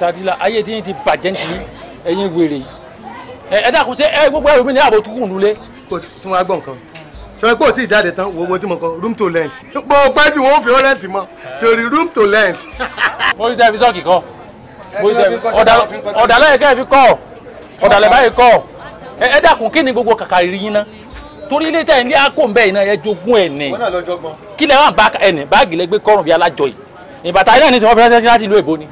tàbí la ayé tí yín ti bàjẹ́ ní ẹ̀yin wèrè ẹ dákun ṣe ẹ gbogbo ẹrù mi ní ààbò tukùn nulẹ̀. kò tún wá gbọ́ nǹkan sọ pé ò tí ì jáde tán wo wo tí room to rent bó o pẹ́ jù wọ́n fi rent mọ́ sori room to rent. mo rí tẹ́lifísọ̀ sọ́ọ̀kì kọ́ ọ̀dàlẹ̀ kẹ́ ẹ fi kọ́ ọ̀dàlẹ̀ báyìí kọ́ ẹ dákun kí ni gbogbo kàkàrí yín ná torí ilé tẹ̀ ní àkó ń bẹ́ yìí náà ẹ jogún ẹ̀ ní kí lẹ́ wà bá ẹ̀ ní báàgì lẹ́gbẹ́ kọ́rùn-ún bíi alájọ yìí ìbàtà yìí náà ní sọ fẹ́ẹ́ sẹ́sẹ́ láti ìlú èbó ni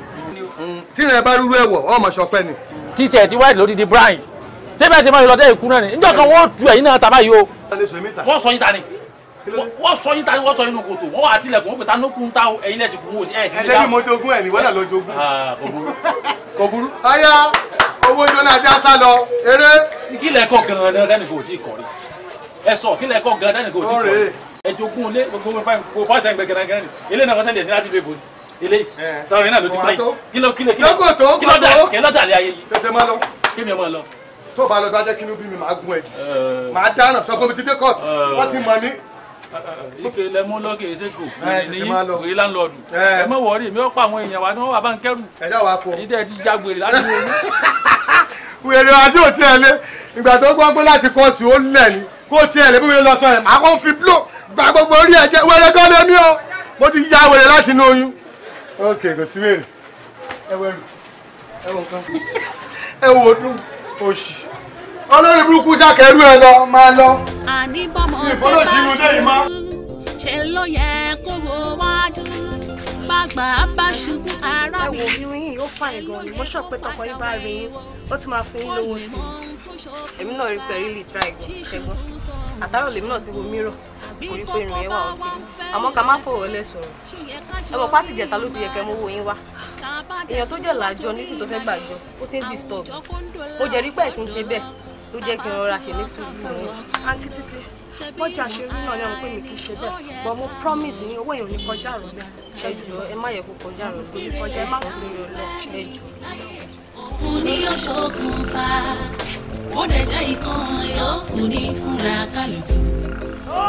tí ìrìn bá rúrú ẹ̀wọ̀ ọ̀ mọ̀ ṣọpẹ́ ni. tíṣẹ̀ tí white ló ti di brown sẹ́bẹ̀ ṣe máa lọ dé ikú náà ni níjọ́ kan wọ́n tu ẹ̀yin náà tàbá yìí o. wọ́n sọ yín ta ni wọ́n sọ yín ta ni wọ́n sọ inú kòtò wọ́n wà á tilẹ̀kùn wọ́n pè ta nókun ta ẹ̀yin lẹ́sìn kún wò sí ẹ̀ sí ní ká. ẹlẹ́yìn mo jogún ẹ̀ ní wọ́n náà lọ jogún. Ah, owó jóná ajá sá lọ eré. kí lẹ kọ gan-an dẹ́nì kò tí ì kọrí ẹ sọ kí lẹ kọ gan-an dẹ́nì kò tí ì kọrí ẹ jogún ilé gbogbo fáìtì gbẹgẹrẹ gẹ́rẹ́ ni ilé náà kọ́ sẹ́ni ẹ̀sìn láti fi èbò eléyìí tọrọ yẹn ti pẹ́ yìí kílọ̀ kílọ̀ kílọ̀ kílọ̀ dà kílọ̀ dà lé ayé yìí tètè máa lọ kémi máa mi máa gun ẹ̀ jù eh. máa dáná ti dé kóòtù eh. wọ́n ti ike eh, lẹ mú lọ kìí ṣègò ní òye láńlọ́ọ̀dù ẹ mọ̀ wọ́ọ̀rì mi ò pa àwọn èèyàn wa ni wọ́n wà bá ń kẹ́rù ìdẹ́ ti jagbèrè láti wọlé. wèrè àti òtí ẹ lé ìgbà tó gbọ́ngbọ́n láti kóòtù ó lẹ̀ ni kó tiẹ̀ lè bí mi lọ sọ ẹ̀ máa kó fi bló gba gbogbo orí ẹ̀ wẹ́rẹ́ gan-an lé mo ti ya wèrè láti inú oyún ok kò sí wèrè ẹwẹ ẹwọ nǹkan ẹwọ ọdún oṣù olórí burúkú jákèrú ẹ lọ máa lọ ìfọlọ́sí inú dé ìmá. ṣe ló yẹ kó wo wájú bàgbà bá ṣubú ara mi. ẹ wo irun yìí ó fà yín gan ni mo sọ pé tọkọ yín bá rí yín ó ti máa fún yín lówó sí i. èmi náà rí pẹ̀lú ìlú tíráì àtàrò lèmi náà ti wo mírọ̀ orí pé irun yẹn wà òkè àmọ́ ká má fọ̀rọ̀ lẹ̀ sọ̀rọ̀ ẹ mọ̀ pátì jẹ̀ta ló ti yẹ kẹ́ mọ́wọ́ yín wá èèyàn tó jẹ́ làájọ nísìn tó fẹ́ gbàjọ ó ti ń disturb mo jẹ́ rí pé ẹ̀ ti ń ṣe bẹ́ẹ̀ ló jẹ́ kí n rọra ṣe ní sùúrù fún yín. àǹtí títí bọ́jà ṣe rí náà ní ọ̀hún pé mi kì í ṣe bẹ́ẹ̀ but mo promise ní owó èèyàn ní kọjá rọ̀ bẹ́ẹ̀ ṣe jù ẹ má yẹ kó kọjá rọ̀ kó ní kọjá ẹ má kó lè lọ ṣe jù ó dẹ̀ jẹ́ ìkan ọkùnrin fúnra kálukú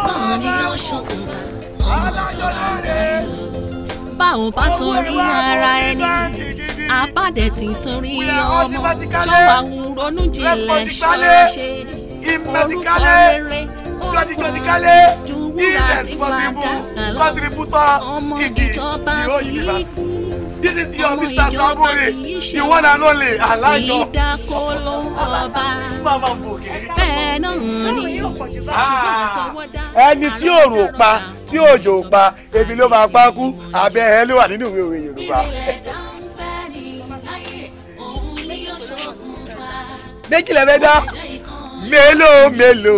náà ni ó ṣokùnfà ọmọ tó bá ń bá lò. báwo bá torí ara ẹni àbádẹ tí torí ọmọ ṣọ́wà ronú jinlẹ̀ ṣọ́ra ṣe orúkọ rere ó sàn ju wúrà sí fàdákà lọ ọmọ ìjọba ìlú this is your mr sabore the one and only alájọ. ìdákọ́ ló ń ọba bẹ́ẹ̀ náà ni ṣùgbọ́n ah. àtọwọ́ dá. ẹni tí òòrùn ò pa tí òjò ò pa ebi ló máa pa kú abẹ́ ẹ ló wà nínú ìwé òwe yorùbá. méjì lẹ́fẹ́ dá mélòó mélòó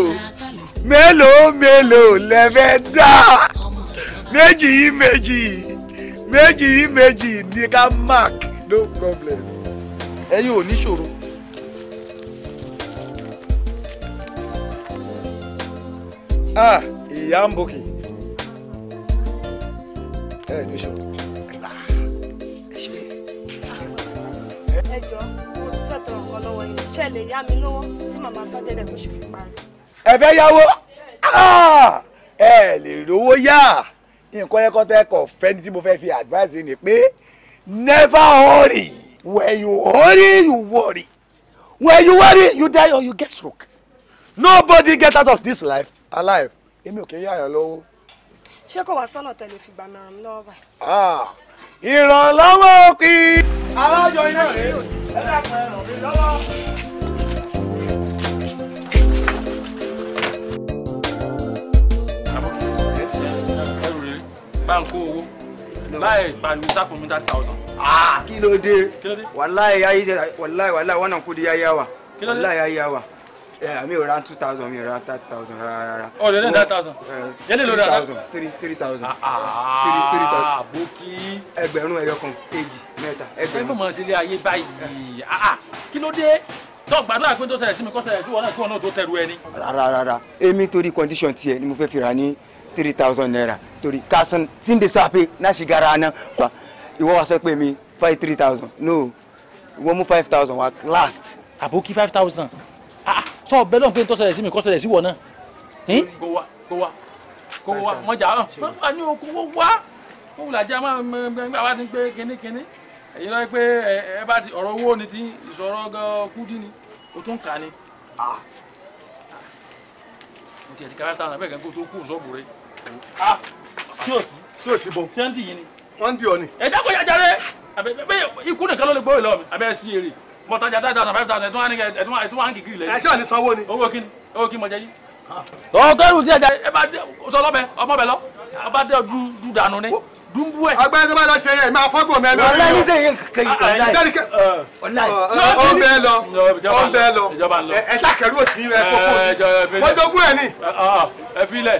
mélòó mélòó lẹ́fẹ́ dá méjì yìí méjì yìí méjì yìí méjì ní ká mark no problem ẹ̀yin ò níṣòro. ah ìyá ń bòkì ẹ ẹ níṣòro. ẹ jọ mo ti fẹ́ tọrọ ẹ fẹ́ yáwó ah, ẹ lè rówó yá nǹkan yẹn kọ́ tẹ́kọ̀ fẹ́ ní tí mo fẹ́ fi advice yìí ni pé never worry. when you worry, you worry when you worry you die or you get stroke nobody get out of this life alive èmi ò kì í yàyàn lọ́wọ́. ṣé kò wá sọ́nà tẹ̀lé fìgbà mi ràn mí lọ́wọ́ báyìí. Ah, ìrànlọ́wọ́ òkè. alájọ iná rèé ẹ dàpọ̀ ẹ̀rọ mi lọ́wọ́. báńkó owó láì pariwo sá fún mi that thousand. Ah, kí ló dé wàláì ayé wàláì wàláì wọn náà kú di yáyá wa wàláì yáyá wa mi ò ra two thousand mi ò ra thirty thousand rárá rárá. ọ̀ lẹ́lẹ̀ that thousand. yẹ́lẹ̀ ló ra thousand. three three thousand. Ah, three ah, thousand. àbókí. ẹgbẹ̀rún ẹyọ kan kejì mẹ́ta ẹgbẹ̀rún. ẹgbẹ́ mọ̀ sí ilé ayé ah, ah, kí ló dé tó gbàdúrà pé tó ṣẹlẹ̀ sí mi kó ṣẹlẹ̀ sí wọn náà kí wọn náà tó tẹrù ẹni. rárá rárá èmi torí condition tiẹ̀ ni mo fẹ́ fi ra ní Three thousand naira torí kasan tí n de sọ pé náà ṣì gara aná kwa ìwọ wa sọ pé mi five three thousand no ìwọ mú five thousand wa last. àbókí five thousand ah, ah sọ bẹ́ẹ̀ náà pé n tọ́ ṣẹlẹ̀ sí mi kọ́ ṣẹlẹ̀ sí wọ náà. kó wa kó wa kó wa mọ̀jà náà ní o kó wa kó wùlàjà máa ń gbà wá ní pé kínníkínní èyí lọ́ọ́ pé ẹ bá ti ọ̀rọ̀ owó ni ti ìṣòro kúdí ni o tún kà ni. Ah. mo ti ẹ̀ ti ká five thousand bẹ́ẹ̀ gẹ́gẹ́ kó tó kú òṣùwọ̀n bùrẹ́ tí ah, o sí. tí o sí bo. tí wọ́n dì yín ni. wọ́n dì ọ ni. ẹ dákun yà jáde ikú nìkan ló lè gbóyè lọ́wọ́ mi àbẹ́ sí eré mọ̀tàjà ten thousand five thousand ẹ̀tún wà ń kìkì lẹ́yìn. ẹ̀ṣọ́ ni sanwó ni. owó kíni owó kí mo jẹ yín. tọ́ kẹ́rù sí ẹja ẹ bá sọ lọ́bẹ ọmọ bẹ lọ ọba dẹ du du dànù ni dúndú ẹ. ọgbẹ́ tó bá lọ ṣe yẹn máa fọ́gbọ̀n mẹ́ lọ. ọ̀la ní sẹ́yìn kẹyìn ọ̀la yìí. ọ̀la yìí. ó ń bẹ́ẹ̀ lọ ó ń bẹ́ẹ̀ lọ ẹ̀ ṣàkẹ́rù òsì rẹ̀ fọ́fọ́ mi. Eh, mọ́jọ́gún ẹ̀ ni. Ah, ah, ẹ fi lẹ̀.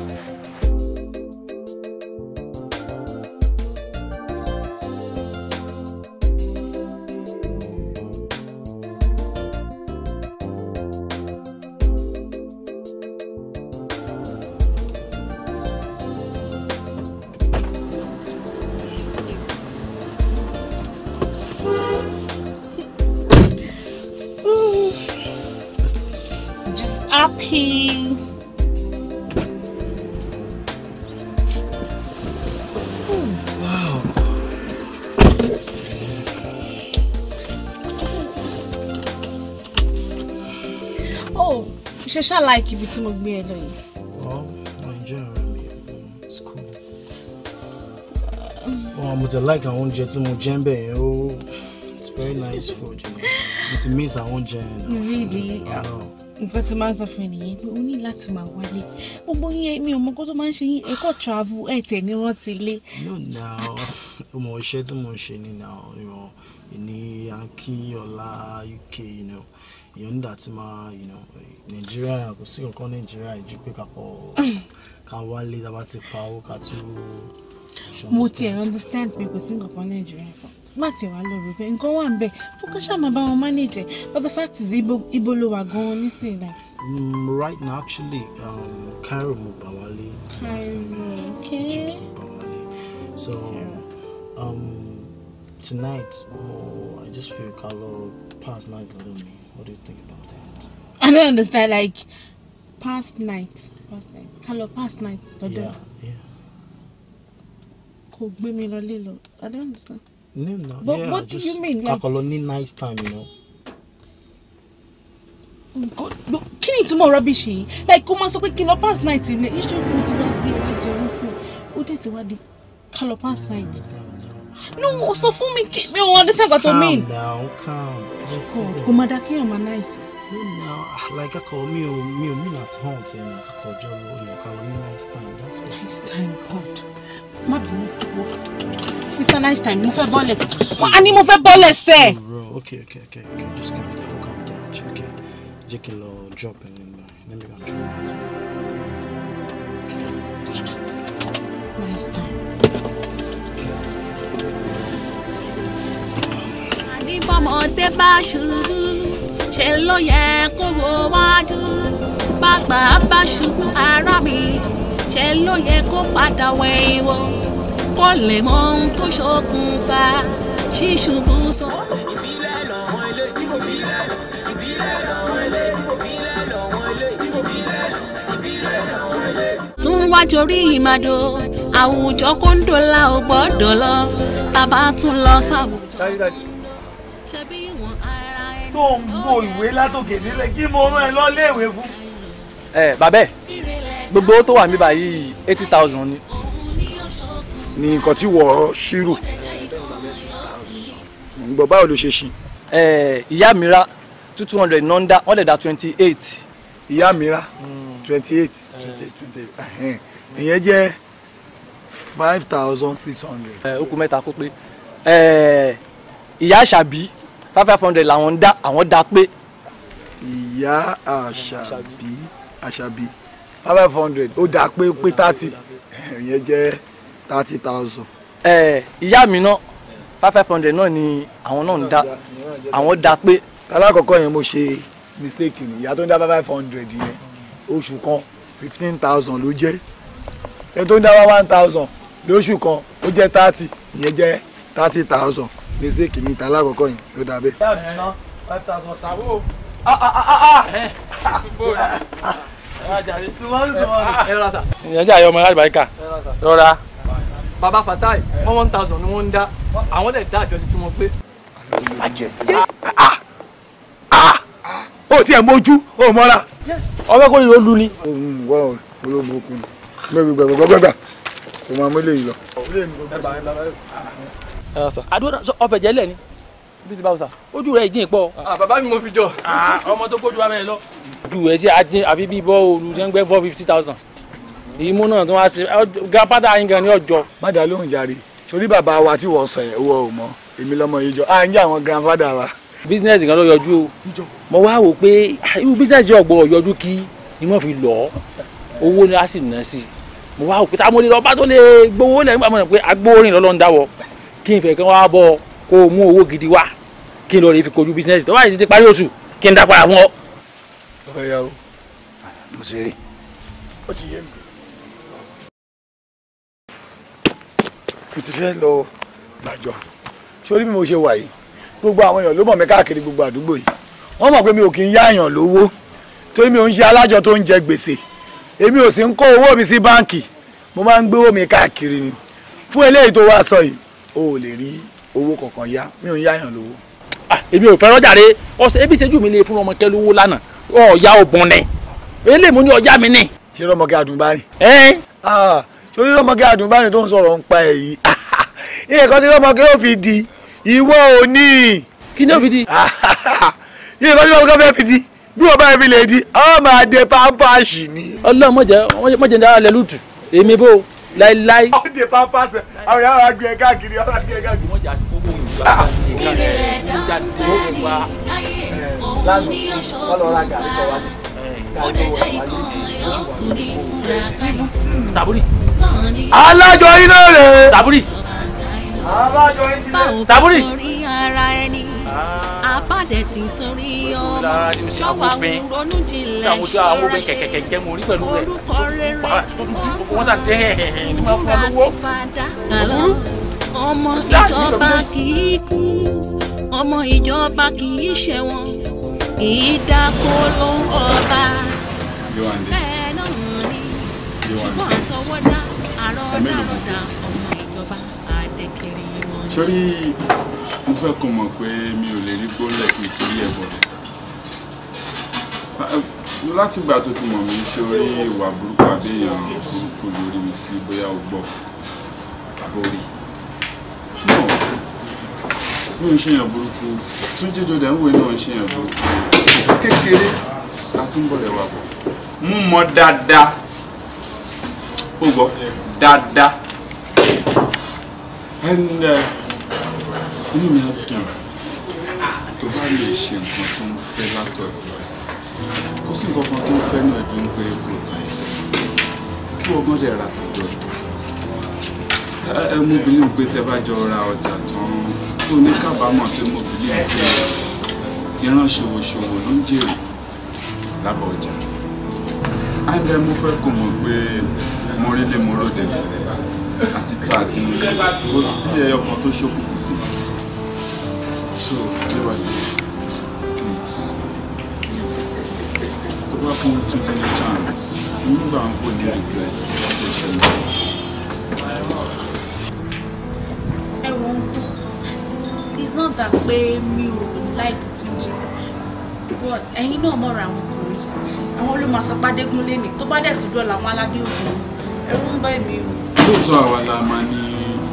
tí mo gbé ẹ lọ yìí. wọ́n mo enjoy ara mi it's cool. wọ́n mo ti like àwọn oúnjẹ tí mo jẹ ń bẹ̀ yẹn o oh, it's very nice food But ti miss àwọn oúnjẹ yẹn. really nǹkan tí máa ń sọ fún ènìyàn pé o ní láti máa wálé gbogbo yín mi ò mọ kó tó máa ń ṣe yín ẹ̀kọ́ travel ẹ̀ tẹ̀ ní rántí ilé. no na ọmọ iṣẹ́ tí mo ń ṣe ni na ìní yankee ọlá uk you know èèyàn nígbà tí máa nàìjíríà kò sí nǹkan nàìjíríà ìjú pé kàpọ̀ ká wálé dábàá ti pa owó ká tún. mo tiẹ̀ understand pé kò sí nǹkan nàìjíríà má tiẹ̀ wá lórí pé nǹkan wà ń bẹ̀ ó kọ́ ṣáà máa bá wọn manage but the fact is ibo ló wà gan-an nísìnyí náà. Mm, right now actually um, Cairo mo gbà wálé last time um, okay. Egypt mo gbà wálé so um, tonight I just feel ká lọ pass night lọ́dọ̀ mi. What do you think about that? I don't understand. Like past night, past night, kind past night. Yeah, yeah. I don't understand. No, no. But yeah, what do you mean? Like, akọlọ ní nice time, you know. Oh Nǹkan kí ni ìtumọ̀ rubbish Like kó máa sọ pé kí past night ilé. Iṣẹ́ òkú we ti wá gbé wá jẹun sí i. Ó dẹ̀ ti wá di kálọ̀ past night. Yeah, yeah no sọ fún mi kí mi ò understand what I mean. calm down calm. god kò má dáa kí ẹ̀ no ah, like akọ mi ò mi ò mean at all ti ẹnu akọkọ ọjọ ló nice time that's all. nice time god má bínú wọ mr nice time mo fẹ́ bọ́lẹ̀ wọ́n á ní mo fẹ́ bọ́lẹ̀ sẹ́. okay okay okay okay just calm down calm down jẹ́ jẹ́ kí n lọ drop ẹ̀ nínú ẹ̀ let me go and drop it. nice time. bọ́mọdé bá ṣubú ṣe ló yẹ kó wo wájú bàgbà bá ṣubú ara mi ṣe ló yẹ kó padà wẹ̀yìn wò kó lè mọ ohun tó ṣokùnfà ṣíṣubú tó. tún ìmàdó àwùjọ kóńdó la ò gbọ́dọ̀ lọ bàbá tún lọ sáwùjọ tó ń bo ìwé látòkè nílẹ̀ kí mo rán ẹ lọ́lé ìwé fún. ẹ bàbẹ́ gbogbo tó wà mí báyìí eighty thousand ni. ní nǹkan tí wọ́ọ́ ṣírò gbọ́ báwo ló ṣe ṣí. ìyá mi ra two two hundred nọ́ńdà wọ́n lè da twenty eight. ìyá mi ra twenty eight ìyẹn jẹ́ five thousand six hundred. okùn mẹ́ta kó pé ìyá àṣàbí five five hundred làwọn ń dá àwọn dá pé. ìyá àṣàbí àṣàbí five five hundred ó dá pé pé thirty ìyẹn jẹ́ thirty thousand. ẹ ìyá mi náà five five hundred náà ni àwọn náà ń dá àwọn dá pé. alákọ̀ọ́kọ́ yẹn mo ṣe mistake ni ìyá tó ń dá five five hundred yẹn oṣù kan fifteen thousand ló jẹ́ ẹni tó ń dá one thousand lóṣù kan ó jẹ́ thirty ìyẹn jẹ́ thirty thousand mistake ní ta alákọ̀ọ́kọ́ yìí ló dà bẹ́ẹ̀. bẹ́ẹ̀ mi ná five thousand ṣàwó. ìyájà ayọ̀ ọmọ aláàbí barika rọra. baba fatai wọn one thousand ni wọn ń dá àwọn lè ah àjọ tí wọn pé. Ah, ah, ah. o tiẹ̀ mójú o mọ́ra. ọbẹ̀ kò ní ló lu ni. wọ́n olóògùn okùn gbẹgbẹgbẹgbẹgbẹgbà kò máa mú eléyìí lọ àdúrà ọ̀fẹ̀jẹ̀ lẹ̀ ni bí ti bá wùsà ojú rẹ̀ ìjìn pọ̀. bàbá mi mo fi jọ. ọmọ tó kójú abẹ́rẹ́ lọ. ju ẹ sí ajé àbí bí bọ́ olú ṣe ń gbẹ́ four fifty thousand. èyí mú náà tó wá sí grandfather yín gan ni ọjọ́. má dá lóhùn jàre torí bàbá wa tí wọ́n sọ yẹn wọ́n ò mọ èmi lọ́mọ yìí jọ à àwọn grandfather wa. business kan ló yọjú o mo wá wò pé irú business yìí ọ̀gbọ́n yọjú kí ni wọ́n fi lọ owó ni a sì ná sí mo wá wò pé tá a mo lè lọ bá tó lè gbowó lẹ́yìn kí n fẹ́ kí kó o mú owó gidi wá kí n lọ rí fi kojú bísínẹ́sì tó ti parí oṣù kí n dá fún ọ. ọ̀ya o mo rí ó ti yé mi. mo ti fẹ́ lọ gbàjọ káàkiri gbogbo àdúgbò yìí wọ́n mọ̀ pé mi ò kì í yáàyàn lówó torí ṣe alájọ tó ń jẹ gbèsè èmi ò sì ń kó owó mi sí báǹkì mo máa ń gbé owó mi káàkiri fún eléyìí tó wá sọ yìí o ò lè rí owó kankan yá mi ò ń yáyàn lówó. Ah, èmi ò fẹ́ràn jàre ọ̀sẹ̀ ebi ìṣẹ́jú mi lè fún ọmọ kẹlú owó lánàá ọ̀ọ́yá ògùn ni eléèmú ni ọjà mi ni. ṣé rọmọkẹ adùnbárìn. ẹ ẹ ah, torí rọmọkẹ adùnbárìn tó ń sọ̀rọ̀ ń pa ẹ yìí iye kan tí rọmọkẹ yóò fi di ìwọ òní. kí ni ó fi di. iye kan tí rọmọkẹ fẹ́ fi di bí wọn bá fi lè di ọmọ adé pampasì ni. ọlọ́run mọ̀jẹ̀ mọ̀jẹ̀ ní alẹ́ lùtù èmi bó láíláí. ọ̀dẹ̀ pampers àwọn yàrá gbé ẹ e káàkiri ọ̀rọ̀ gbé ẹ e káàkiri. wọ́n jà owó ìlú àti ìjà tí ó ń wá lánàá ọlọ́ra gàrí ah! kọ́ wa saburi. alájọ iná rẹ̀. saburi. alájọ iná rẹ̀. saburi abáde ah. ti torí ọmọ ṣọwà ronú jinlẹ̀ ṣọ́ra ṣe orúkọ rere ó sọ ìmúra ti fada àlọ́ ọmọ ìjọba kì í kú ọmọ ìjọba kì í ṣẹ̀wọ̀n ìdákó ló ń ọba bẹ́ẹ̀ náà rí ṣùgbọ́n àtọwọ́dá àrọ́dá àrọ́dá ọmọ ìjọba àdékèrè wọn mo fẹ́ kó mọ̀ pé mi ò lè rí gbólẹ̀ kí n torí ẹ̀ bọ̀lẹ̀ ah, eh, látìgbà tó ti mọ̀ mí sórí ìwà burúkú àbẹ́yàn burúkú lórí mi sí bóyá o gbọ́ àbórí mi ò ń ṣèyàn burúkú túnjí dòdè ń wé náà ń ṣèyàn burúkú àti kékeré àti ń bọ̀lẹ̀ wà bọ̀ mú mọ dáadáa ó gbọ́ dáadáa. And uh, inú mi á dùn tó bá lè ṣe nǹkan tó ń fẹ́ látọ̀dọ̀ ẹ̀ kó sì nǹkan kan tó ń fẹ́ náà dùn pé kò bá ẹ̀ kí ọgbọ́n dẹ̀ ra tọ̀dọ̀ ẹ mú bílíọ̀n pé tẹ bá jọ ra ọjà tán tó ní kábàámọ̀ tó mú bílíọ̀n pé ìran ṣòwòṣòwò ló ń jèrè lábọ̀ ọjà àìdẹ mo fẹ́ kó mọ̀ pé mo rí lè mo ròde àti tó àti mo kó sí ẹyọ kan tó ṣókùnkùn sí i. So, Adéwálé, please, please, tó bá fún mi tún tẹ́lẹ̀ chance, nígbà ń kó ní regret láti ṣẹlẹ̀. Ẹ̀wọ̀n it's not that way, me. ò like Túnjí, but ẹ̀yin náà mọ̀ra àwọn ọkùnrin. Àwọn ló máa sọ Pádégúnlé ni, tó bá dẹ̀ tún dọ̀la àwọn aládé òkun, do ń bá èmi o. Lóòótọ́ àwa la máa ní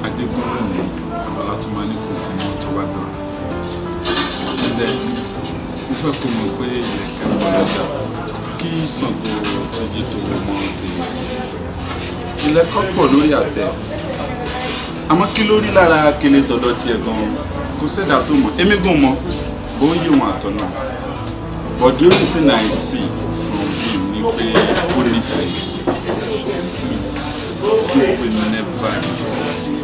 Adégúnlé ní àwa la tún máa ní kò fún to buy that. dọ̀la sílẹ̀ mo fẹ́ kó mọ̀ pé ilẹ̀ kẹ́kọ̀ọ́ lọ́jà kí Ṣàngó tójú tó mọ tèèntì ilẹ̀ kọ́pọ̀ lórí àtẹ àmọ́ kí ló rí lára kele tọ̀dọ̀ tiẹ̀ gan-an kò sẹ́dá tó mọ̀ èmi gùn mọ́ bó ń yí wọn àtọ̀ náà but the only thing I see from him ni pé ó nífẹ̀ẹ́ please do we never regret you.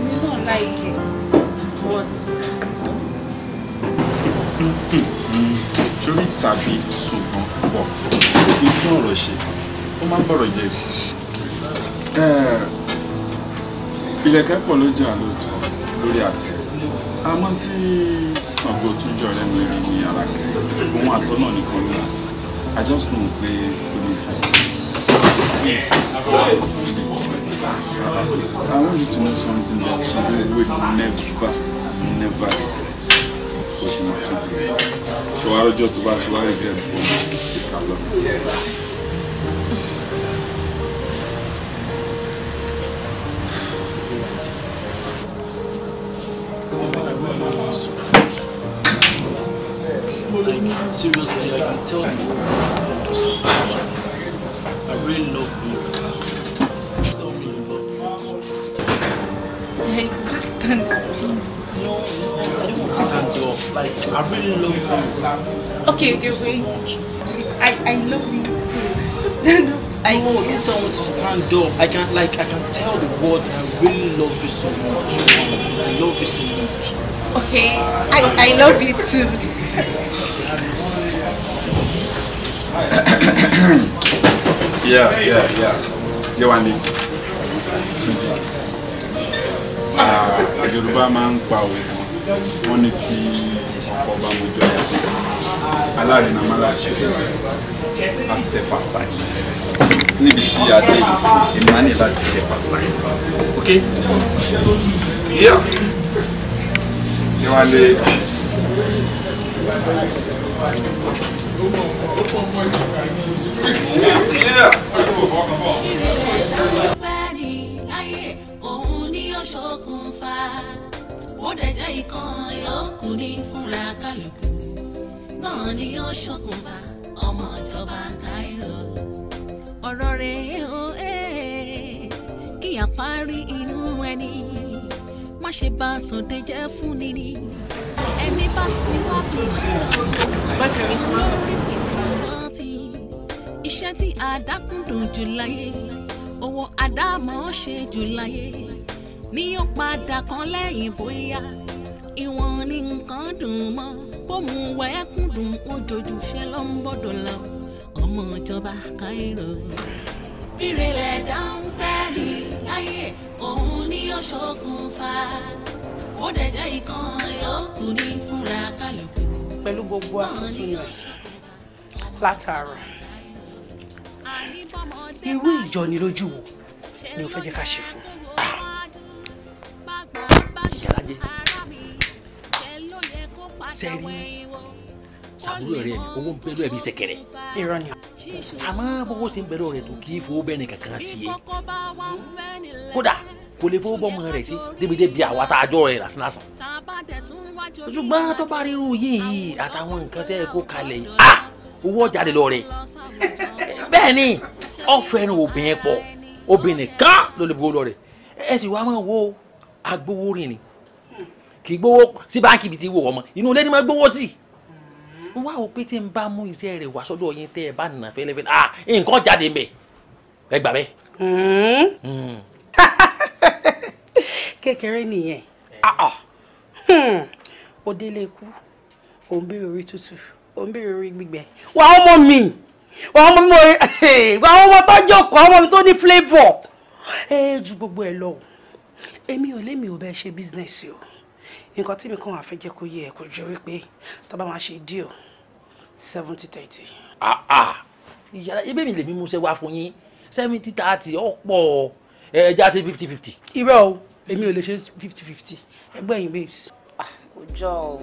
èmi náà láìkẹ́ but. torí tàbí ṣùgbọ́n but kí n tún ọ̀rọ̀ ṣe ó máa ń bọ̀rọ̀ jẹ. ìlẹ̀kẹ̀ pọ̀ ló jẹ́ àlóòótọ́ lórí àtẹ àmọ́ tí Ṣàngó túnjọ rẹ̀ mi rí ní alákẹ́rẹ́ tí òun àtọ́ náà nìkan ní I just know pé o lè fẹ́. I want you to know something that you will never, never regret. pushing up to me. So I don't just about to write again for the color. Like, seriously, I can tell you i really love you. Tell me you love me. Hey, just don't, please. No, I don't want to love. Like, I really love you. Okay, okay, wait. I, I love you too. Stand up. I no, you tell me to stand up. I can like I can tell the world that I really love you so much. I love you so much. Okay, I, I love you too. yeah, yeah, yeah. You want me? Yorùbá máa ń man, òwe wọ́n ní tí ọkọ bá mojú ayé alárinà máa láṣẹ a step aside níbi tí a dé yìí sí èmi á ní láti step aside ok yíyá ìwádìí yíyá. dẹ̀ jẹ́ ìkan yòókù ní fúnra kálukú náà ni ó ṣokùnfà ọmọ ìjọba Cairo. ọ̀rọ̀ rẹ̀ ó ẹ́ kí àparí inú ẹni má ṣe bá tòde jẹ́ fún ni ni ẹni bá ti wá fi tì lórí fi tì rántí iṣẹ́ tí àdákùndùn jù láyé owó àdámọ́ ṣe jù láyé ni yóò padà kan lẹ́yìn bóyá ìwọ̀n ni nǹkan dùn mọ́ bóun wà ẹ́kún dùn ó jojú ṣẹ́ ló ń bọ́dọ̀ lọ ọmọ ìjọba káírò. ìrẹ̀lẹ̀ dáhùn fẹ́ mi láyé òun ni yóò ṣokùnfà ó dẹ̀ jẹ́ ìkan yòókù ní fúnra kálukú. pẹ̀lú gbogbo akitiyan látara irú ìjọnilójú wo ni o fẹ́ jẹ́ ká ṣe fún un jẹ́ sẹ́rí sàbúrò rẹ ni owó ń bẹ̀rù ẹ̀ bí sẹ̀kẹ̀rẹ̀ irọ́ ni àmọ́ bọ́wọ́ sì ń bẹ̀rù rẹ tó kì í fowó bẹ́ẹ̀ nìkankan sí i kódà kò lè fowó bọ́mọ rẹ̀ sí débi-débi àwa tá a jọ rẹ̀ lásánlásán ṣùgbọ́n tó bá rí irú yìí àtàwọn nǹkan tẹ́ ẹ kó kalẹ̀ yìí owó ọjà lọ rẹ̀ bẹ́ẹ̀ ni ọ̀fẹ́ ni obìnrin pọ̀ obìnrin kan ló lè bọ́ lọ rẹ̀ ẹ sì wá máa wo agbowó rìn ni kì í gbowó sí báńkì ibi tí wò ọmọ inú ilé ni mo gbowó sí. n wá o pé tí n bá mú iṣẹ́ rẹ̀ wá sọ́dọ̀ yín tẹ́ ẹ bá nà fẹ́lẹ́fẹ́lẹ́ ah nǹkan jáde mbẹ̀ ẹ gbà bẹ́ẹ̀. Hmm. Hmm. kékeré nìyẹn ah, ah. Hmm. ó délé ikú ó ń béèrè orí tútù ó ń béèrè orí gbígbẹ wà á mọ mi wà á mọ mi wà á mọ tó jókòó ọmọ mi tó ní flavour ẹ ju gbogbo ẹ lọ èmi ò lémi ò bẹ ṣe business o nǹkan tí mi kàn wá fẹ́ jẹ́ kó yé ẹ kó jọ wípé tó bá máa ṣe díò seventy thirty. Ah, ah. ìyára ibẹ̀ mi lè mímú ṣe wá fún yín seventy thirty ọ̀pọ̀ ẹ já sí fifty fifty. irọ́ o èmi ò lè ṣe fifty fifty ẹgbẹ́ yín babes. Ah, kò jọ o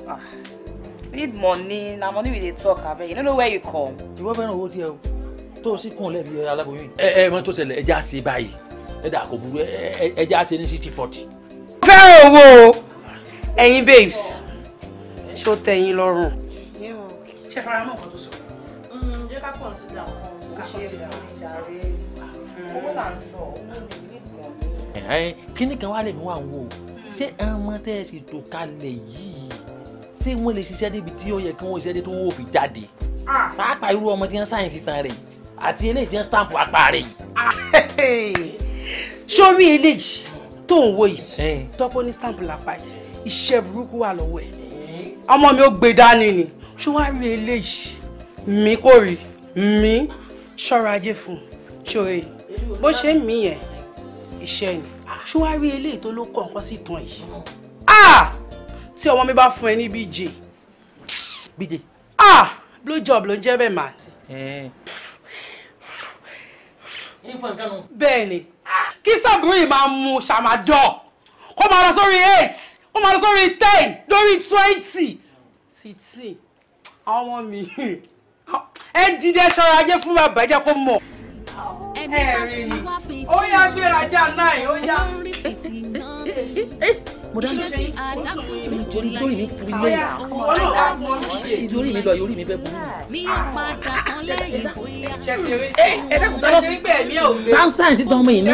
we need money na money we dey talk abeg you no know where you come. ìwọ fẹ́ràn owó tiẹ̀ o tó o sì kún un lẹ́bi aláboyún. ẹ ẹ mọ tó ṣẹlẹ̀ ẹ já sí báyìí ẹ dà kó burú ẹ ẹ já sí ní sixty forty. fẹ́ràn owó o ẹ̀yin babes ṣó tẹ́yín lọ́rùn. ṣé fara mọ́ nǹkan tó sọ. Mm, jẹ́ ká kàn sí ìdá kan ká kàn sí ìdá ìjàre owó là ń sọ owó mi nígbà. kíní kan wá lè mú àwọn o mm. ṣé ọmọ tẹ́ ẹ sì tó kalẹ̀ yìí ṣé wọ́n lè ṣiṣẹ́ débi tí ó yẹ kí wọ́n ṣiṣẹ́ dé tó wọ́n fi jáde pàápàá irú ọmọ tí wọ́n sáyẹ̀nsì tán rẹ̀ àti eléyìí tí wọ́n stamp apá rẹ̀ yìí. sórí eléyìí tó ń wo yìí tọ́pọ̀ ní stamp lápá yìí iṣẹ́ burúkú wà lọ́wọ́ ẹ̀ ọmọ mi ó gbé dání ni ṣé wàá rí eléyìí mi kò rí mi ṣọ́ra ajé fún ṣòye bó ṣe mí yẹn iṣẹ́ ni ṣé wàá rí eléyìí tó ló kọ̀ ọ́kọ́ sí tán yìí tí ọmọ mi bá fún ẹ ní bíje bíje blow job ló ń jẹ́ bẹ́ẹ̀ màá ti. bẹ́ẹ̀ ni kí sábúrì máa mu ṣàmàdọ̀ kó máa lọ sórí eight ó máa lọ sórí ten lórí twenty títí àwọn ọmọ mi ẹ dìde ṣọra ajé fún bàbá jẹ́ kó mọ̀. ẹ̀rí ni ó yá gbérajà náà ó yá. mo dáná nítorí tó ìní kiri lẹ́yìn nítorí mi lọ yorí mi bẹ́ burú. ẹ dákun tó lọ sí báńsáǹsì tó ọmọ yìí ní.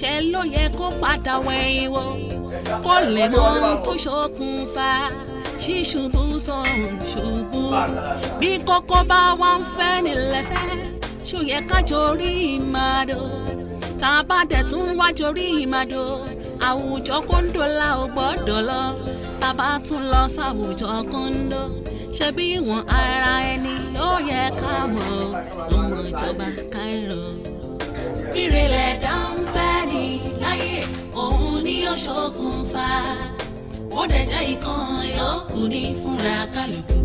ṣe ló yẹ kó padà wẹ̀yìn wò kó lè mọ ohun tó ṣokùnfà ṣíṣubú tó ń ṣubú bí kókó bá wà ń fẹ́ nílẹ̀ fẹ́ ṣó yẹ ká jorí ìmàdó tá a bá dẹ̀ tún wá jorí ìmàdó àwùjọ kóńdó la ò gbọ́dọ̀ lọ tá a bá tún lọ sáwùjọ kóńdó ṣebí ìwọ̀n ara ẹni ló yẹ ká wò ọmọ ìjọba Cairo ìrẹ̀lẹ̀ dáhùn ní láyé òun ni ó ṣokùnfà ó dẹ̀ jẹ́ ìkan ìyókùnrin fúnra kálukú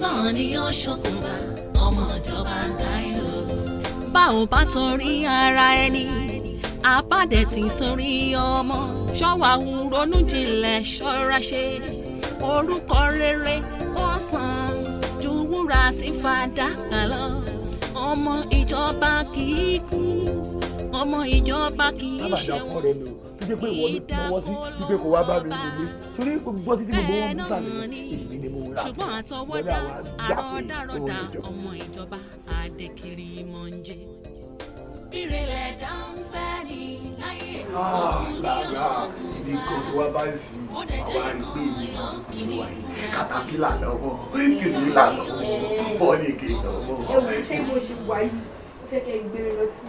náà ni ó ṣokùnfà ọmọ ìjọba Táíwò. bá ò bá torí ara ẹni àbádẹ ti torí ọmọ ṣọ́wà ń ronú jinlẹ̀ ṣọ́ra ṣe orúkọ rere ó sàn ju wúrà sí fàdákà lọ ọmọ ìjọba kìí kú ọmọ ìjọba kì í ṣe wọn kì í dákọ́lá ṣùgbọ́n àtọwọ́dá àrọ́dárọ́dá ọmọ ìjọba adékiri mọ̀ ń jẹ́. ìrẹ̀lẹ̀ dáńfẹ́ ni láyé ọ̀hún ah, ní ọ̀ṣọ́kùn ní nǹkan tó wá bá ń sìn àwa rí pé ìyẹn ìlú wa yìí katapila lọ́wọ́ kìnìún là ṣé mo ṣe wáyé kẹ́kẹ́ gbé e lọ sí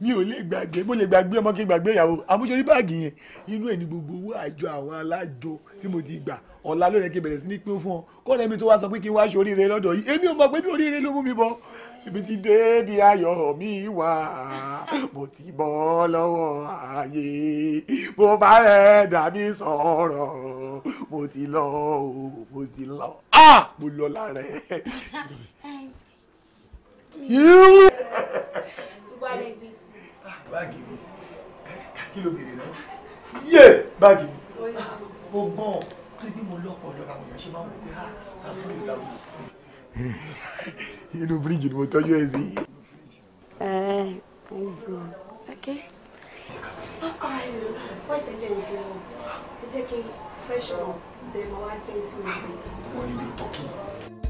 mi ò lè gbàgbé mo lè gbàgbé ọmọ kí n gbàgbé ìyàwó àmúṣorí báàgì yẹn inú ẹ̀ ní gbogbo owó àjọ àwọn alájọ tí mo ti gbà ọ̀la ló yẹ kí bẹ̀rẹ̀ sí ní pín fún ọ kọ́ni ẹbí tó wá sọ pé kí n wá ṣe oríire lọ́dọ̀ yìí èmi ò mọ̀ pé bí oríire ló mú mi bọ̀ ibi tí dé bí ayọ̀ mi wà mo ti bọ́ lọ́wọ́ ayé mo bá ẹ̀ dàbí sọ̀rọ̀ mo ti lọ mo ti lọ mo lọ lára ẹ̀ báàgì mi kí ló bèrè lọ yé báàgì mi mo gbọ́n tó ibi mo lọ́pọ̀ lọ́ra àwọn èèyàn ṣe máa ń wò pé ha ah, sàbúrò sàbúrò. inú fíríjì ni mo tọ́jú ẹ̀ sí. ẹ ẹ ẹ̀sìn ọ̀kẹ́. Jẹ́ kí fresh up, then my wife takes me. Wọ́n ní bí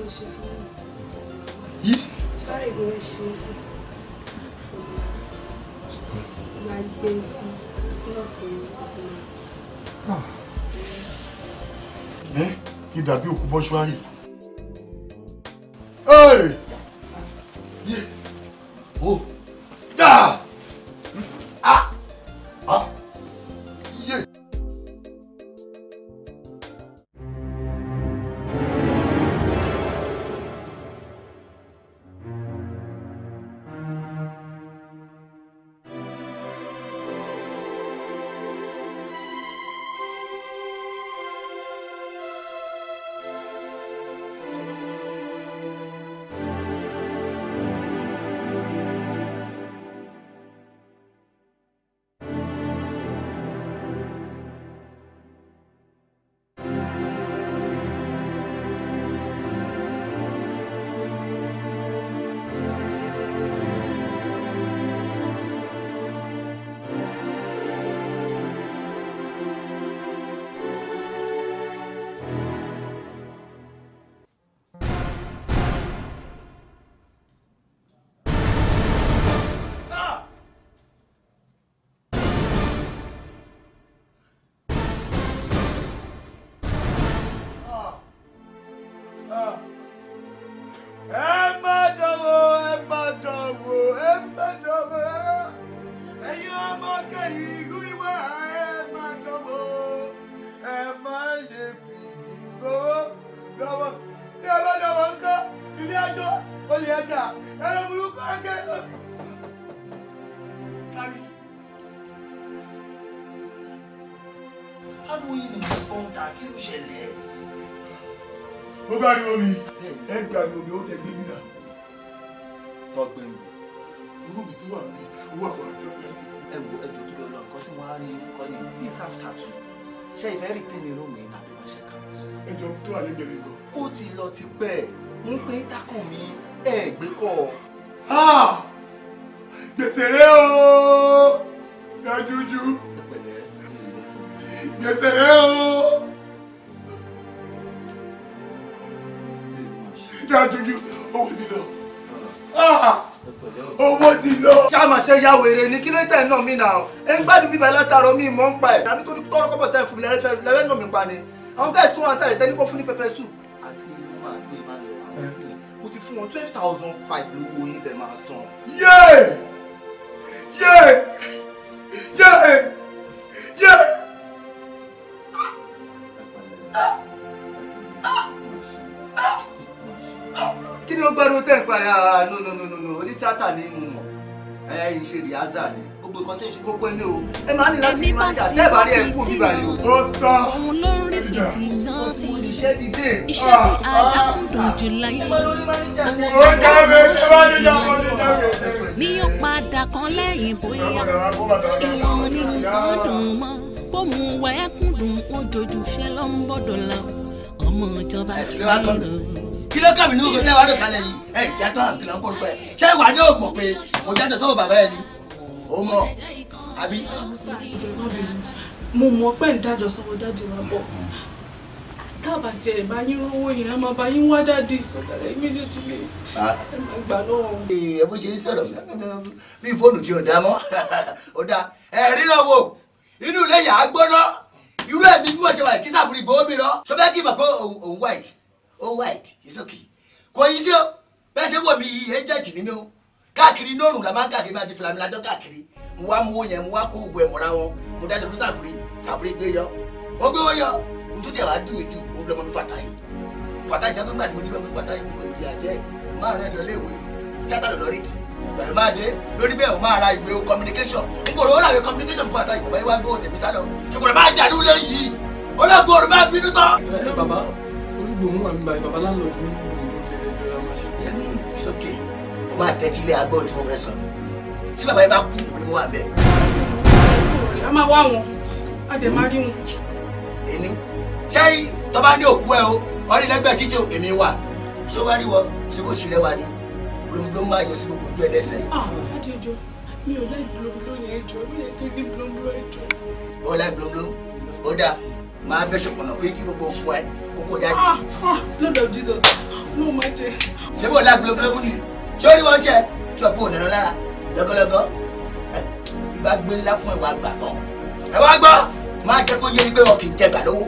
mo ṣe fún mi. yìí. sọ́ọ̀rì tí mo ṣe sí máa gbé sí sínú tí mo ti mọ. ẹ kí dàbí òkú mọ́ṣúárì. Hey! gbàdúrà mi ẹ gbàdúrà mi ó tẹ gbé náà. tọgbẹ́n mi. irú mi tó wà mí owó àwọn àjọ mi àjọ. ẹ wo ẹjọ tó lọ nǹkan tí wọn á rí ifú ní this after two ṣe ìfẹ́ rí tẹ́lẹ̀ inú mi náà bí wọ́n ṣe kà. ẹjọ tó wà lẹ́gbẹ̀rẹ̀ lọ. ó ti lọ ti pẹ́ ń pé dákàn mi ẹ gbé kọ́ ọ. gbèsè rẹ o dájújú gbèsè rẹ o. dájújú owó ti lọ owó ti lọ. ṣáàmà ṣe ya wèrè ni kí ló tẹ̀ náà mí nà ọ́ ẹ ń gbádùn bíbá látàrọ mí mọ́ ń pa ẹ̀ tàbí tó tọrọ kọ́bọ̀ tẹ̀ fún mi lẹ́fẹ̀ lẹ́fẹ̀ náà mi pa ni àwọn gáàsì tó wọn sáré tẹ́ ní kó fún ní pẹpẹ sùn. àti ìlú máa gbé máa lọ àwọn tí mo ti fún wọn twelve thousand five lówó yín bẹ́ẹ̀ máa san. yéè yéè yéè yéè. Ah! kí ni ó gbẹ́rú tẹ̀ pa ẹ̀ ah, no no no no onítìátà ni mo mọ̀ ẹ̀ ń ṣe ni gbogbo nǹkan tó ń ṣe kókó ní o ẹ máa ní láti máa jà tẹ́ bá rí ẹ fún mi báyìí o. ó tọ́ iṣẹ́ ti dé iṣẹ́ ti alákùndùn jù láyé ó dáwé ṣé wàá ní ìyàwó jáde. ní ó padà kan lẹ́yìn bóyá ìyàn ní nǹkan dùn mọ́ bó mu wá ó jòjò ṣẹ́ ń bọ́dọ̀ lọ ọmọ ìjọba kìí rò kí ló kàmí nínú ìgbésẹ̀ wàá dọ̀kalẹ̀ yìí ẹ ìjà tó hàn kí ló ń kórúkọ ẹ ṣé ìwà ni ó mọ̀ pé mo jáde sọ́wọ́ bàbá ẹ ni ó mọ̀ àbí. mo mọ̀ pé ń dájọ́ sọ́wọ́ dájú wa bọ̀ tábà tí ẹ bá yín rówó yẹn a máa bá yín wá dáàdì sọ̀tàlẹ̀ méjèèjì lè ẹ máa gbà náà. ẹ bó ṣe ń sọ̀rọ̀ bí fóònù tí ò dá mọ́ ó dá ẹ rí lọ wo inú ilé yà á gbóná irú ẹ̀mí bí wọ́n ṣe wà kí sàbúrì gbòó mi lọ sọ fẹ́ kí n mọ̀ pé òun white ó wáìdì ìsókè kò yí sí o bẹ́ẹ̀ ṣe wò mí yí agent ni o káàkiri nóòrùn la máa ń káàkiri máa di fìlà mi lájọ káàkiri mo wá mowó yẹn mo wá kó gbogbo ẹ̀ mọ́ra wọn mo dájọ́ fún sàbúrí sàbúrí gbé yọ ó gbé wọ́n yọ n tó tẹ̀ ju òun lọ́mọ mi fàtà yìí fàtà ìjà gbẹ́ngbà mo ti fẹ́ mi fàtà yìí mo fi àjẹ́ máa rẹ̀ dọ̀ léèwé tíátà lọ rí bẹ̀rẹ̀ máa dé lórí bẹ́ẹ̀ o máa ra ìwé communication n kò rò ó communication fún àtàyè bàbá yìí wá gbé òtẹ̀mí sálọ ṣùgbọ́n máa jàdúrà yìí ó lọ́ọ́ gbọ́ ọ̀rọ̀ bínú tán dùn wà nígbà bàbá láńlọ́ọ̀dù ń dùn ilé ẹjọ́ la máa ṣe. yẹnu sókè o máa tẹ́tí ilé agbọ́n tí mo fẹ́ sọ tí bàbá yẹn bá kú mi ni mo wà ń bẹ̀. a máa wá wọn a dẹ̀ máa rí wọn. èmi sẹ́rí tó bá ní òkú ẹ o ọ̀rí lẹ́gbẹ̀ẹ́ títí èmi wà ṣé ó bá rí wọ ṣé kò sí lẹ́wà ni blomblom máa yọ sí gbogbo ojú ẹlẹ́sẹ̀. àwọn ah, ọ̀gá ẹjọ́ mi ò láì blomblom yẹn jọ mi ò kí ní blomblom yẹn jọ. ó láì blomblom ó dáa máa bẹ́ ṣọ̀pọ̀nà pé kí gbogbo fún ẹ kókó jáde. Ah, ah, lord of jesus ló máa jẹ. ṣé bò lágbó lóbulóbù ni ṣé ó rí wọn jẹ ṣé ọ̀pọ̀ ònàrán lára lọ́gọ́lọ́gọ́ ìgbà gbé ńlá fún ìwà àgbà kan ẹ wá gbọ́ máa jẹ́ kó yẹ igbe wọn kì í jẹ gbàlówó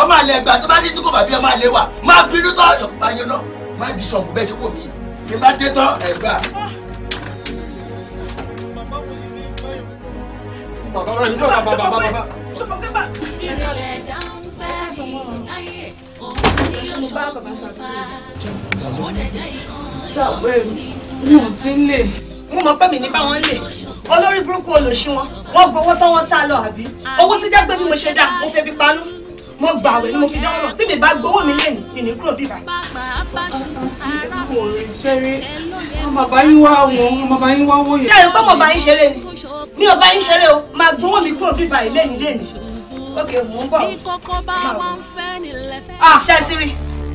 ọmọ àlẹ ẹgbà tó bá ní tí kò bá ọmọ àlẹ wà máa bínú tọ́ ṣọ̀pá yẹn náà máa di sọ̀kù bẹ́ẹ̀ ṣe kò mí kí n bá dé tán ẹgbà. bàbá bàbá bàbá bàbá mo mọ̀ pé mi ní báwọn lè olórí burúkú olòṣì wọn wọ́n gbowó tán wọ́n sá lọ àbí owó tó jẹ́ pé bí mo ṣe dá mo fẹ́ fi panú mo gbà àwẹ̀ ni mo fi dánwò tí mi bá gbowó mi lẹ́yìn mi ní kúrò bíbá. àti ẹ̀kú orin ṣeré ọmọ bá yín wá wọn ọmọ bá yín wá wòye. ṣé ẹ̀rù pé mo bá yín ṣeré ni mi ò bá yín ṣeré o máa gbowó mi kúrò bíbá yìí lẹ́yìn lẹ́yìn. ókè mò ń bọ̀ máa wò. Ah. ṣẹ́tìrì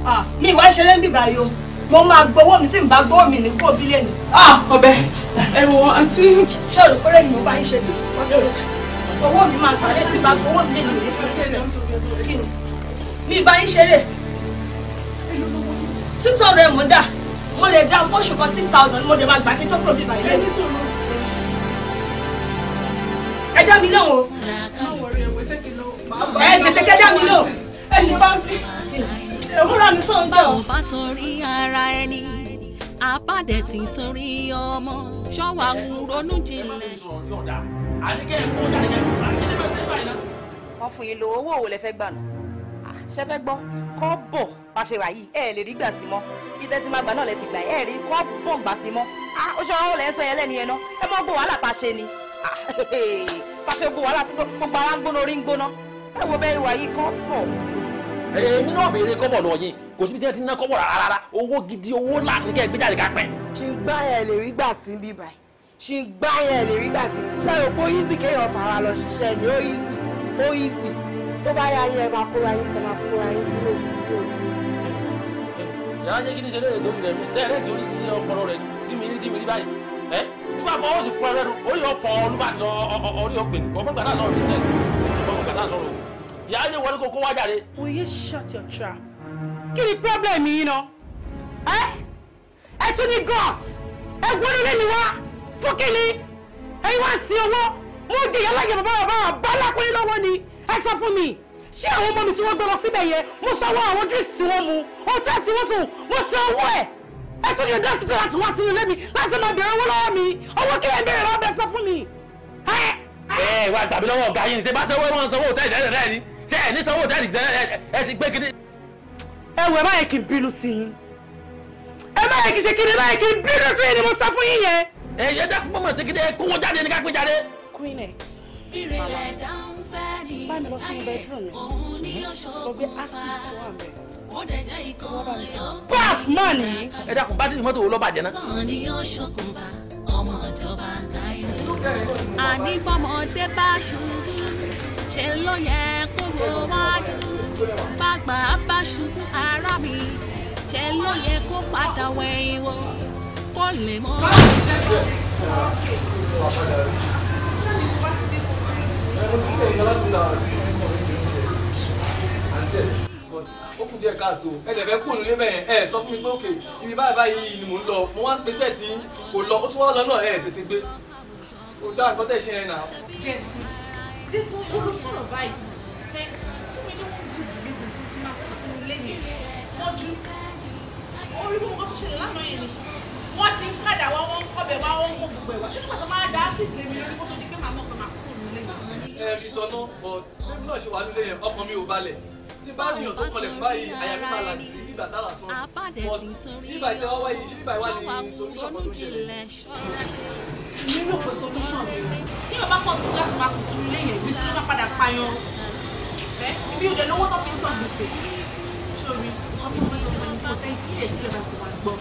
ah. mi ìwà ṣeré ń bì báyìí o mo máa gbowó mi tí n bá gbowó mi ní kó bílẹ̀ ni. Ah, ọbẹ̀ ẹ̀wọ̀n àti. ṣé o rò pé rẹ̀ mi ò bá yín ṣe sí owó mi máa gbà lẹ́tí bá gbowó mi ní ìlú fún ṣẹlẹ̀ kí ni mi bá yín ṣeré títọ́ rẹ̀ mo dà mo lè dá fóṣù kan six thousand mo lè máa gbà kí tó kúrò bí bàyìí lẹ́yìn. ẹ dá mi lóhùn o ẹ tètè kẹ́ dá mi lóhùn ẹ ní bá ń fi múra mi sóun jẹ́ o. báwo bá torí ara ẹni àbádẹ ti torí ọmọ ṣọ́wà ń ronú jinlẹ̀. wọ́n fún yín lo owó òwò lẹ fẹ́ gbà nù ṣe fẹ́ gbọ́ kọ́ bọ̀ bá ṣe wà yìí ẹ lè rí gbà sí mọ́ ilé tí máa gbà náà lẹ ti gbà ẹ rí kọ́ bọ̀ gbà sí mọ́ ó ṣe ọ̀rọ̀ lẹ́ sọ yẹn lẹ́nu yẹn náà ẹ mọ́ gbọ́ wàhálà pàṣẹ ni pàṣẹ gbọ́ wàhálà tí gbogbo ara ń gbóná orí ń gbóná ẹ wo bẹ́ẹ̀ wà yìí kọ́ bọ̀ kò èmi náà béèrè kọ́bọ̀ lọ yín kò síbi tí wọ́n ti ná kọ́bọ̀ rárá owó gidi owó ńlá ní kẹ́ ẹ gbé ká pẹ́. ṣì ń gbá yẹn lè rí gbà sí bí báyìí ṣì ń gbá yẹn lè rí gbà sí ṣé o kó easy kéèyàn fara lọ ṣiṣẹ́ ni ó easy ó easy tó bá yá yẹn máa kóra yín tẹ máa kóra yín kúrò kúrò. yàrá jẹ́ kí ní ṣe lè lómi rẹ̀ mi sẹ́yìn rẹ́ẹ̀tì oríṣiríṣi ọpọlọ rẹ̀ tí mi ní tí mi rí báyìí ẹ́ nígbà fọwọ́ sì fún ẹ lẹ́nu orí ọ̀fọ̀ olúbàdàn orí ìyá ni wọlé kókó wá jàre. will you shut your trap. kí ni problem yìí ná. ẹ ẹ tún ní gods. ẹ gbọ́dọ̀ lé mi wá fún kí ni ẹ̀yin wá sí owó mo jẹ ìyá láyé bàbá bàbá bálákùnrin lọ́wọ́ ni ẹ sọ fún mi ṣé àwọn ọmọ mi tí wọ́n gbé lọ síbẹ̀ yẹn mo sanwó àwọn drinks tí wọ́n mu ọtí àti wọ́n tún mo san owó ẹ̀ ẹ tún ní ọdún àṣìṣe láti wá sínú ilé mi láti máa bẹ̀rẹ̀ owó lọ́wọ́ mi owó kí lẹ́ẹ̀ bẹ̀rẹ̀ lọ́wọ́ sọ fún mi. ẹ ẹ wá lọ́wọ́ ọ̀gá yìí ṣe bá ṣe owó wọn sanwó òtẹ́ẹ̀lì tẹ́ ẹ̀ ní sanwó dáàdì tẹ́ ẹ ti gbé kíní. ẹ wẹ̀ báyìí kì í bínú sí i ẹ báyìí kì í ṣe kíní báyìí kì í bínú sí i ni mo sọ fún yín yẹn. ẹ yẹ dákun pọ̀ mọ̀ sí kíní kó wọ́n jáde ní ká pín jáde. queen bá mi lọ sí bedroom mi lọ gbé acid tó wà mẹ́ báf ẹ dákun bá títí mọ́tò wo ló bàjẹ́ náà. àní bọ́mọdé bá ṣubú ṣe ló yẹ lọ wájú bàgbà bá ṣubú ara mi ṣe ló yẹ kó padà wẹ̀yìn wò kó lè mọ. ó kù díẹ̀ káàtó ẹ̀dẹ̀fẹ́ kù nílé mẹ́yẹn ẹ̀ sọ fún mi pé òkè ibi báyìí báyìí ni mò ń lọ mo wá ń pèsè tí kò lọ ó tún wá lọ náà tètè gbé ó dá nǹkan ṣe yẹn náà. jẹ́ kó ló báyìí. orí gbogbo nǹkan tó ṣẹlẹ̀ lánàá yẹn ni wọ́n ti ń kádà wá wọ́n ń kọ́bẹ̀ wá wọ́n ń kó gbogbo ẹ̀ wá ṣé nígbà tó máa dá sí ìdílé mi lórí kó tó di pé màmá ọ̀pẹ̀ máa kú nílé. ẹ ẹ sọ náà but bébí náà ṣe wà nílé yẹn ọkàn mi ò balẹ̀ tí bá rí ọ̀tún kọlẹ̀ fún báyìí àyà mi máa làjú nígbà tá a là sọ but nígbà ìtẹ́ wá wáyé ṣé nígbà ìwà ni solution kan tó ń ṣẹlẹ̀. mi ló pe solution mi tí yóò bá pọ̀ sí láti máa sùn sórí lẹ́yìn ìgbésí ló bá padà payan ibi ò dẹ̀ lówó tó fi ń sọ gbèsè sórí ọ̀tá ìdí ẹ̀ sílẹ̀ báyìí kò máa gbọ́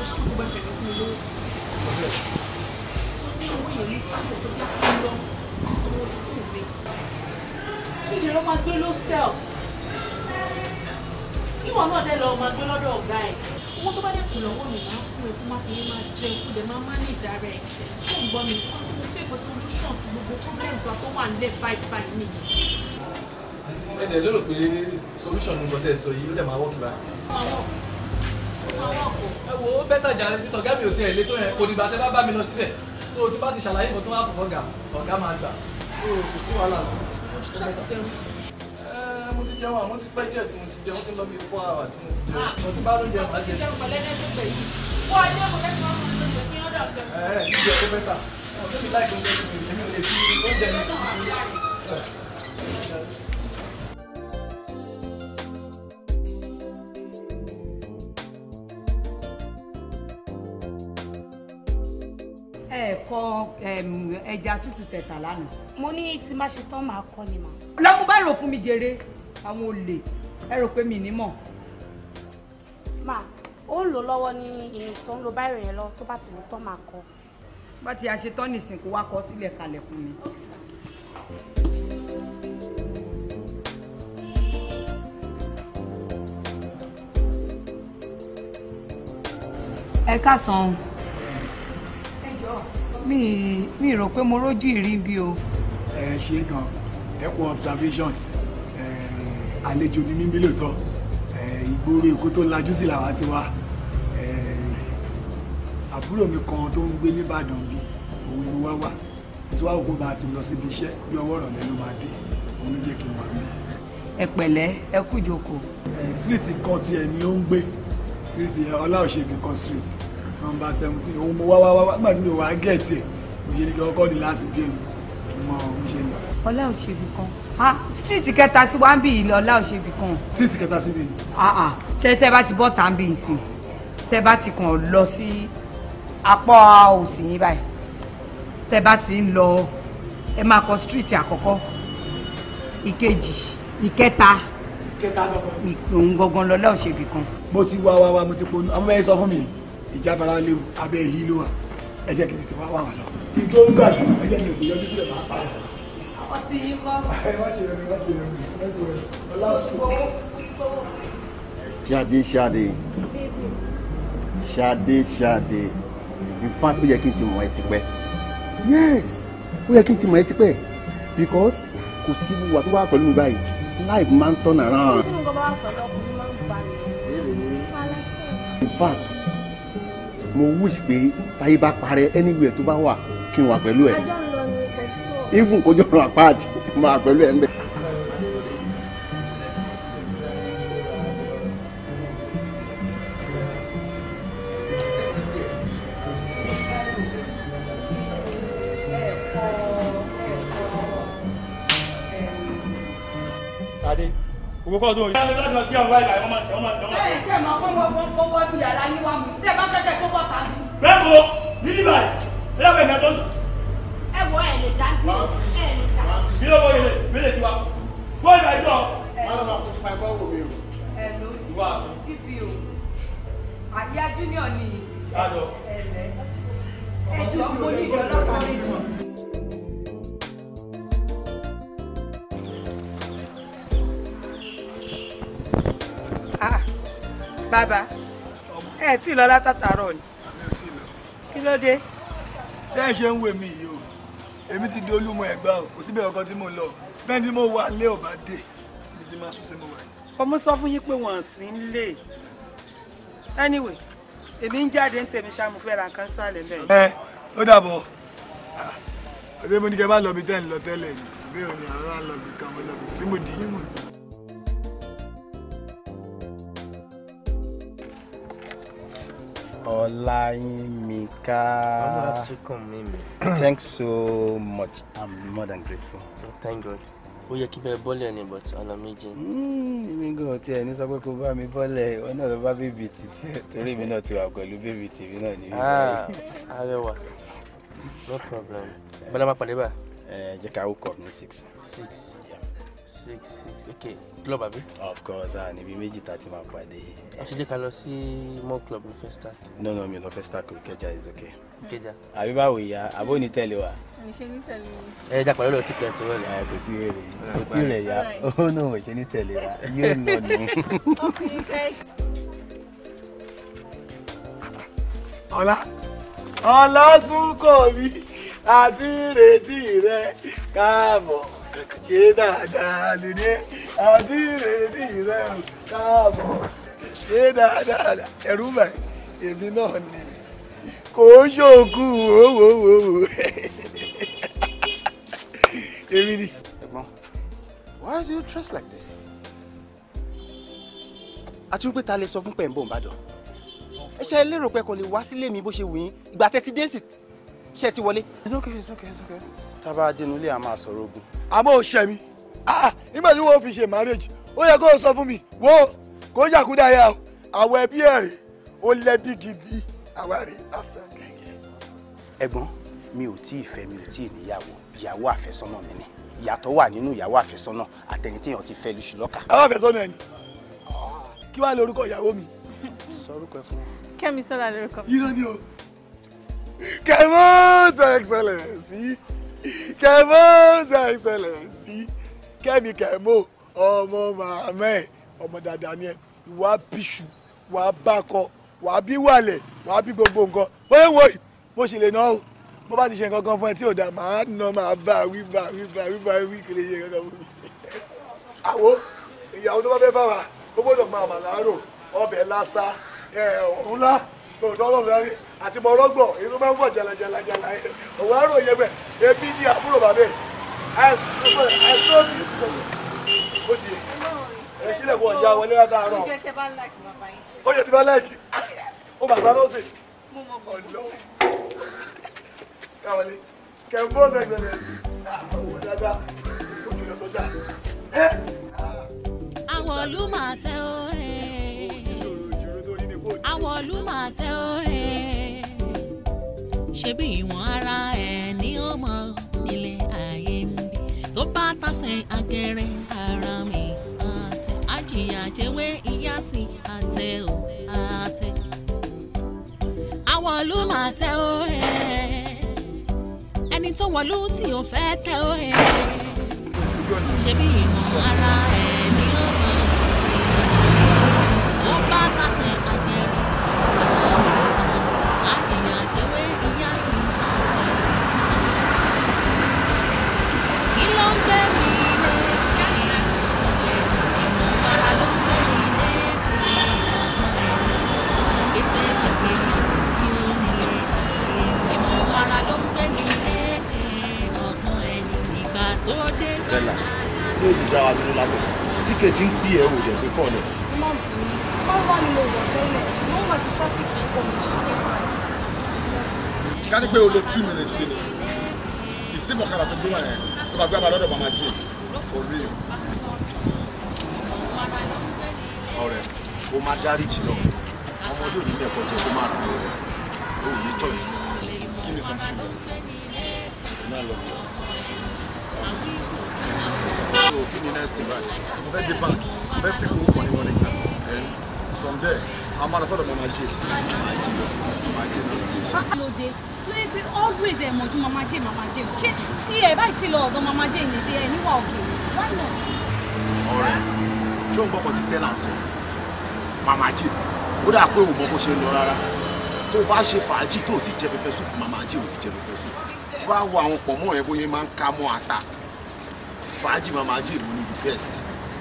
ọ ṣọ́kùn tó bá fẹ̀rẹ̀ fún mi lówó tó ní owó yẹn ní fáwọn tó bá fún lọ ìsanwó sùkúù mi kí ni ló máa gbé lóstẹ̀l ìwọ náà dẹ́ lọ máa gbé lọ́dọ̀ ọ̀gá ẹ̀ owó tó bá dẹ̀ kù lọ́wọ́ mi máa fún ẹ kó má fi yé máa jẹ kó dẹ̀ máa má ní ìdá rẹ̀ ṣé ń gbọ́ mi kó tí mo fẹ́ gbé solution sí gbogbo problems wa tó wà ń lẹ̀ báyìí báyìí nìyí ẹ dẹ̀ lérò pé solution nǹkan tẹ̀ sọ yìí ó dẹ̀ máa wọ́ọ̀kì báyìí. ẹ wo ó bẹ́tà jàre sí tọ̀gá mi ò tiẹ̀ lé tó yẹn kò dìgbà tẹ́ bá bá mi lọ síbẹ̀ so tí bá ti ṣàlàyé nǹkan tó wà fún ọ̀gá ọ̀gá máa gbà kò sí wàhálà mo ti jẹun àwọn ti pẹ́ díẹ̀ tí mo ti jẹun ti lọ bí four hours tí mo ti jẹun mo ti bá lóúnjẹ máa jẹ. mo ti jẹun pẹ̀lú ẹni tó pè yìí wọ́n ọjọ́ kò lẹ́nu máa ń fún oúnjẹ ní ọ̀dọ̀ ọ̀gá. ẹ ẹ jíjẹ tó bẹ́tà ọ̀gá mi láì fún oúnjẹ tó bẹ̀rẹ̀ mi ò lè fi oúnjẹ mi. ẹ̀ẹ̀kọ ẹja tútù tẹ̀tà lánàá. mo ní tí má ṣe tán máa kọ ni mà. lọ́mú bá rò fún mi jèrè àwọn olè ẹ rò pé mi ní mọ̀. mà ó ń lò lọ́wọ́ ní ìrìn tó ń lo báyìí rẹ̀ lọ tó bá ti wọ́n tán máa kọ. bá ti a ṣe tán nìsín kó wá kọ sílẹ̀ kalẹ̀ fún mi. ẹ ká san mi mi rò pé mo rójú ìríbi o. ẹ ṣe gan ẹ kú observations àlejò ní mímí lóòótọ́ ìgboro èkó tó lajú sí làwa ti wá àbúrò mi kan tó ń gbé nìbàdàn bí òun ló wá wà tí wàá òkú bá ti lọ síbi iṣẹ́ bí ọwọ́ ọ̀rọ̀ lẹ́nu máa dé òun ló jẹ́ kí n wà mí. ẹ pẹ̀lẹ́ ẹ kú jòkó. síríìtì kan tiẹ̀ ni ó ń gbé síríìtì ọlá kan síríìtì nọmba seventeen òun mo wá wá wá nígbà tí mi ò wá gẹ̀ẹ́tì ẹ̀ òṣèlú kí ọkọ di last day mọ òṣèlú. ọlá òṣèlú kan ah street kẹta sí wá ń bì yìí lọlá òṣèlú kan. street kẹta sí bì. Ah, ah. ṣé tẹ bá ti bọ́ tá ń bì yìí sí tẹ bá ti kàn lọ sí apá òsì yín báyìí tẹ bá ti ń lọ ẹ máa kọ street àkọ́kọ́ ìkejì ìkẹta ìkẹta gangan lọlá òṣèlú kan. mo ti wá wá wá mo ti ponu àwọn ẹ̀yẹ sọ fún mi ìjáfara léwu abẹ́ èyí ló wà ẹ jẹ́ ti wá wà wọn lọ. ìtò ń gbà yìí ẹ jẹ́ ti yọjú sílẹ̀ máa pa á. ọkọ ti yí kọ́. ẹ má ṣe rẹ má ṣe rẹ má ṣe rẹ ọlọ́run. ṣáde ṣáde ṣáde ṣáde in fact yẹ kí n ti mọ̀ ẹ́ tipẹ́ yes ó yẹ kí n ti mọ̀ ẹ́ tipẹ́ because kò sí wíwà tó wà pẹ̀lú mi báyìí life máa ń turn around. in fact mo wish pé táyé bá parẹ́ anywhere tó bá wà kí n wà pẹ̀lú ẹ̀ even kójọ́ ọ̀run apart máa pẹ̀lú ẹ̀ ń bẹ̀. kọ́ tó. bẹ́ẹ̀ ṣe mọ kó mo kó wọ́n bí yàrá yín wá mi bá tẹ́tẹ́ tó bọ́ ta bẹ́ẹ̀ mo níbi báyìí ẹ lọ́wọ́ ẹ̀mí sùn. ẹ wọ ẹ lè já bí ló wọ́n yẹlẹ mi lè tiwa wọ́n ìgbà ìjọ. ẹ ló ẹ ló Baba, ẹ tí ì lọ látàtàrọ ni kí ló dé. bẹ́ẹ̀ ṣe ń wè mí yìí o èmi ti di olúmọ ẹ̀gbá o kò síbẹ̀ ọkọ tí mo lọ bẹ́ẹ̀ ni mo wà lé ọ̀bá dé mi ti máa sún sí mo wà. ọmọ sọ fún yín pé wọn sì ń lè anyway èmi ń jáde ń tèmi ṣáà mo fẹ́ ra nǹkan sálẹ̀ bẹ́ẹ̀. ẹ ó dàbọ̀ ọ̀rẹ́ mo ní kẹ́ bá lọ bí tẹ́ ń lọ tẹ́lẹ̀ ni ìbéèrè ni àárọ̀ àlọ́ mi kan mo lọ bí tí mo dì í mọ̀. Olayimika. Thanks so much. I'm more than grateful. thank God. Ó yẹ kí bẹ́ẹ̀ bọ́lẹ̀ ni but ọ̀nà méjì. Hmm, èmi gan ọtí ẹ̀ ní sọ pé kó bá mi bọ́lẹ̀ ìwọ náà ló bá bèbí títí ẹ̀ torí mi náà ti wà pẹ̀lú bèbí tèmi náà ní ah, Arẹwà no problem. Bọ́lá máa pàdé bá. Ẹ eh, jẹ́ ká ó ní six. Six six six okay club abi? of course ah níbi méjì tá a ti máa pàdé. a ṣe ká lọ sí mọ́ club ní first start. no no mi no first start Ìkẹjà is okay. Ìkẹjà. àbí báwo ìyá àbó ni tẹ̀lé wa. mi ṣe ní tẹ̀lé. ẹ dà pàdé lọ tí kìlẹ̀ tó wọlé. ẹ kò sí rere kò sí rẹ̀ ya ó náà ò ṣe ní tẹ̀lé wa yóò nà nù. ọ̀la ọ̀la sún kò mí àti ìrètí rẹ̀ káàbọ̀ ṣe dáadáa lè ní àdírẹ́dì rẹ káàbọ̀ ṣe dáadáa ẹ̀rú báyìí èmi náà ni kò ṣòkù wòwòwò èmi ni. why do you dress like this? àti wípé ta lè sọ fún pẹ̀mbọ̀n ìbàdàn ẹ ṣe lérò pé kò lè wá sílé mi bó ṣe wù yín ìgbà tẹ́tí dé sí ṣe ti wọlé. it's okay it's okay it's okay tábà dénú ilé a máa sọ̀rọ̀ ogun. àmọ́ ò ṣẹ́ mi nígbà tí wọ́n fi ṣe marriage ó yẹ kó o sọ fún mi wo kó yàkúdà yà o àwọn ẹbí ẹ̀ rè ó lẹ́bí gidi àwa rè lásán gẹ́gẹ́. ẹ̀gbọ́n mi ò tí ì fẹ́ mi ò tí ì níyàwó ìyàwó àfẹ́sọ́nà mi ni ìyàtọ̀ wà nínú ìyàwó àfẹ́sọ́nà àtẹ̀yìntìyàn ti fẹ́ lóṣù lọ́kà. àwọn àfẹ́sọ́nà ẹ̀ ni kí wàá lórúkọ ìyàwó mi. sọrúkọ ẹ fún wa. Kẹ́mi Ṣọlá o Kẹ́mi Ṣọlá sí kẹmọ ṣe Excellency kẹmi kẹmọ ọmọ màmá ẹ ọmọ dada ni ẹ ìwà bíṣù wà á bákọ wà á bí wàlẹ wà á bí gbogbo nǹkan wọ́n wò yìí mo ṣe lè ná o mo bá ti ṣe nǹkan kan fún ẹ tí ò dá màá ná màá bá wí bá wí bá wí bá wí kiri ṣe nǹkan fún mi. àwo ìyàwó tó bá fẹ́ bá wa ó gbọ́dọ̀ máa mà láàárọ̀ ọbẹ̀ lásà ẹ̀ ọ̀húnlá lóòótọ́ ọlọ́run lẹ́rìn àti mọ ọlọ́gbọ̀n èyí tó máa ń fọ̀ jàlàjàlàjàlà òun àárò yẹ bẹ̀ ebi ni àbúrò bàbá àìsóòbí ó ti yẹ ẹ sílẹ̀ kó ọjà wọlé wá dáa rọ ó yẹ ti bá láìkì ó bàbá lọ́sẹ̀ ọjọ́ káwọlé kẹfọ́ sẹ́gbẹ̀rẹ̀ àwọn ah, dáadáa ó jùlọ sọ́jà. àwọn olú máa tẹ àwọ̀lú máa tẹ́ ó he ṣebí ìwọ̀n ara ẹ̀ ní ọmọ nílé ayé ń bí tó bá tàsẹ̀ agẹrẹ ara mi àtẹ àjìyà jẹ́wé ìyá sí àtẹ ò àtẹ àwọ̀lú máa tẹ́ ó he ẹni tó wọ̀lú tí ò fẹ́ tẹ́ ó ṣebí ìwọ̀n ara ẹ̀. Stella ní olùdá wa dúró látọ̀ tíkẹ́ẹ̀tì ń bí ẹ̀ ò dẹ̀ gbé kọ́ lẹ̀. ká ní pé o lo two minutes sí ni ìsìnkú ọ̀kadà tó gbé wà yẹn tó bá gbé àbá lọ́dọ̀ mama jane for real. ọ̀rẹ́ o máa dárí jìnnà ọmọ ọdún òní mẹ́kọ̀ọ́ jẹ́ kó má rà lọ́wọ́ o ò ní jọ̀yìn. kí ni sọ́n fún mi? ìná lọ́wọ́. So, kí ni next thing báyìí? Mo fẹ́ dé bank, mo fẹ́ take owó kan ní morning now. Then from there, a máa lọ sọ́dọ̀ mama jay. Mama jay mama jay náà lè ṣe. Ah, Lóde lóye pé always ẹ̀ mọ̀jú mama jay mama jay. Ṣé tí ẹ báyìí ti lọ ọ̀dọ̀ mama jay ní ẹ níwà òkè? Why not? Ọ̀rẹ́, ṣé o ń gbọ́kọ̀ tí Stella ń sọ? Mama jay, ó dà pé òun mọ bó ṣe ń lọ rárá. Tó o bá ṣe fàájì tó o ti jẹ pẹpẹ súpù, mama jay ò ti jẹ pẹpẹ súpù. Bá wo àwọn pọ̀ mọ́ ẹ bóyá máa ń ká mọ́ ata fàájì máa máa jẹ́ ìwúni the best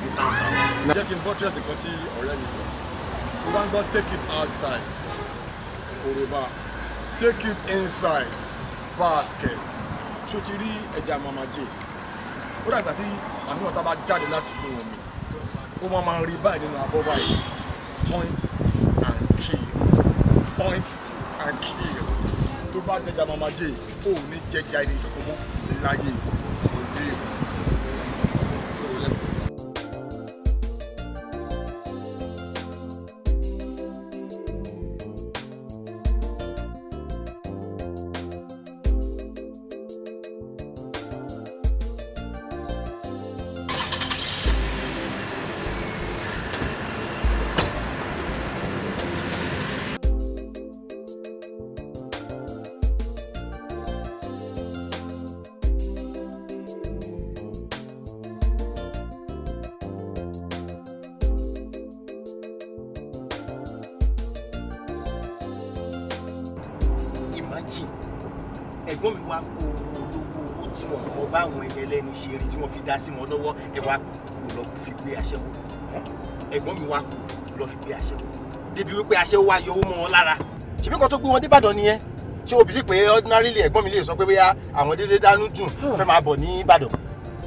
ní tántán. jẹ́ kí n buttress nǹkan tí ọ̀rẹ́ mi sọ tó bá ń gbọ́ take it outside kòròbà take it inside basket ṣó ti rí ẹja mamaje ó dàgbà tí àmì ọ̀tá bá jáde láti inú omi ó máa máa rí báyìí nínú abọ́ báyìí point and kill point and kill tó bá jẹjà mamaje ó ní jẹjà ẹni ìṣòfò mọ́ láyé. そうです。wọn lọ́wọ́ ẹ wá kú lọ fi gbé aṣẹ́wó ẹ̀gbọ́n mi wá kú lọ fi gbé aṣẹ́wó débi wípé aṣẹ́wó wá yọ owó mọ́ wọn lára ṣèbí kan tó gbé wọn débàdàn nìyẹn ṣé o pé ordinarily ẹ̀gbọ́n mi lè sọ pé bóyá àwọn dédé dánú dùn hmm. fẹ́ máa bọ̀ ní Ìbàdàn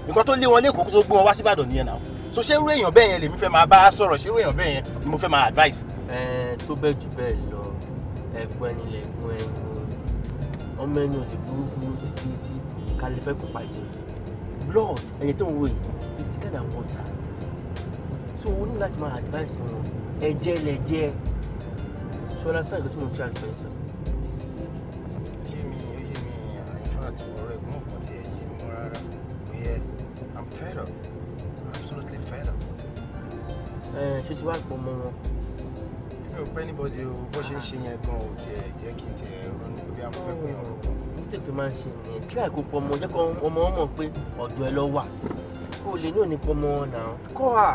nǹkan tó lé wọn lẹ́kọ̀ọ́ tó gbé wọn wá sí Ìbàdàn nìyẹn náà so ṣé irú èèyàn bẹ́ẹ̀ yẹn lèmi fẹ́ máa bá sọ̀rọ̀ ṣé irú èèyàn bẹ́ẹ̀ yẹn ni mo fẹ́ máa advice. ẹ tó bẹ́ẹ̀ jù bẹ́ẹ̀ lọ ẹ̀gbọ́n ẹni lẹ̀gbọ́n ẹni ọmọ ẹni ò lè burúkú títí tí kálífẹ́ kò pàjẹ́ blood ẹ̀jẹ̀ tó ń wò yìí is kind of water so we need that máa advice wọn ẹ̀jẹ̀ lẹ̀jẹ̀ ṣe ọlá sáà ìgbésẹ̀ mo ń ṣe You sọ. yé mi yé mi àìfà àti ọ̀rẹ́ ẹ̀gbọ́n kan ti ẹ̀ mi mọ́ rárá kò yẹ i'm fed up absolutely fed up. ẹ ṣé ti wá pọ̀ mọ́ wọn mi ò pẹ́ anybody o bó ṣe ń ṣe yẹn gan o tiẹ̀ jẹ́ kí n tiẹ̀ ronú bí amọ̀fẹ́ pé oh máa ń ṣe nìyẹn try kó pọ ọmọ jẹ́ kó ọmọ ọmọ pé ọ̀dọ̀ ẹ lọ wà kó o lè ní òní pọmọ ọ̀nà kọ́ à.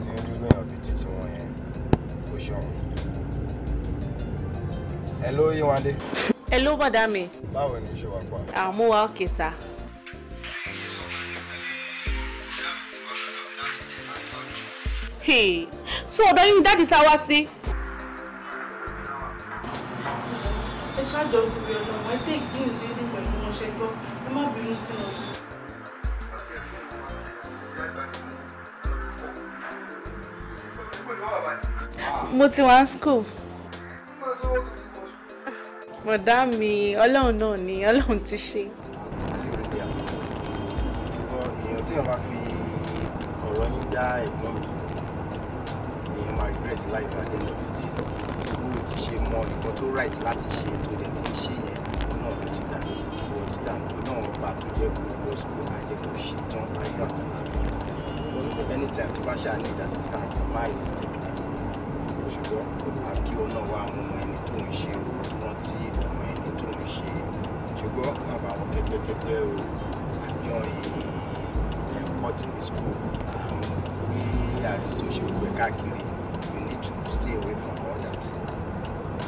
ti ń rí gbìyànjú títí wọn yẹn kò ṣọ̀rọ̀. ẹ ló yí wọn dé. ẹ ló bọ̀dá mi. báwo ni iṣẹ́ wa pa. àmúwa òkè sá. so ọ̀dọ̀ yín dáàdì sá wá sí. jọ torí ọ̀nà wọn ẹ take things easy pẹ̀lú wọn gbọ́ ẹ má bínú sí wọn. mo ti wá school. bọ̀dá mi ọlọ́run náà ni ọlọ́run ti ṣe. èèyàn tí wọ́n máa fi ọ̀rọ̀ yín dá ẹ̀gbọ́n mi èèyàn máa regret life at the end of ti ṣe mọ nǹkan tó right láti ṣe ajẹ́kù mosco ajẹ́kù ṣetán ayé àtàlà orúkọ anytime tó bá ṣáà ní ìdá assistance má hesitate láti pè ṣùgbọ́n àkí ó náà wá mọ ẹni tó ń ṣe o rántí ọmọ ẹni tó ń ṣe ṣùgbọ́n àbàwọn pẹ́pẹ́pẹ́pẹ́ o àjọ ẹ̀kọ́ tí ní school àwọn wí àrísítò ṣe gbogbo ẹ̀ káàkiri you need to stay away from all that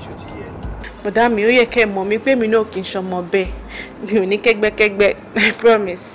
ṣó ti yẹ. bọ̀dá mi ó yẹ kẹ́ ẹ mọ̀ mi pé mi náà kì í ṣọmọ bẹ́ẹ̀ mi ò ní kẹ́gbẹ́kẹ́gbẹ́ I promise.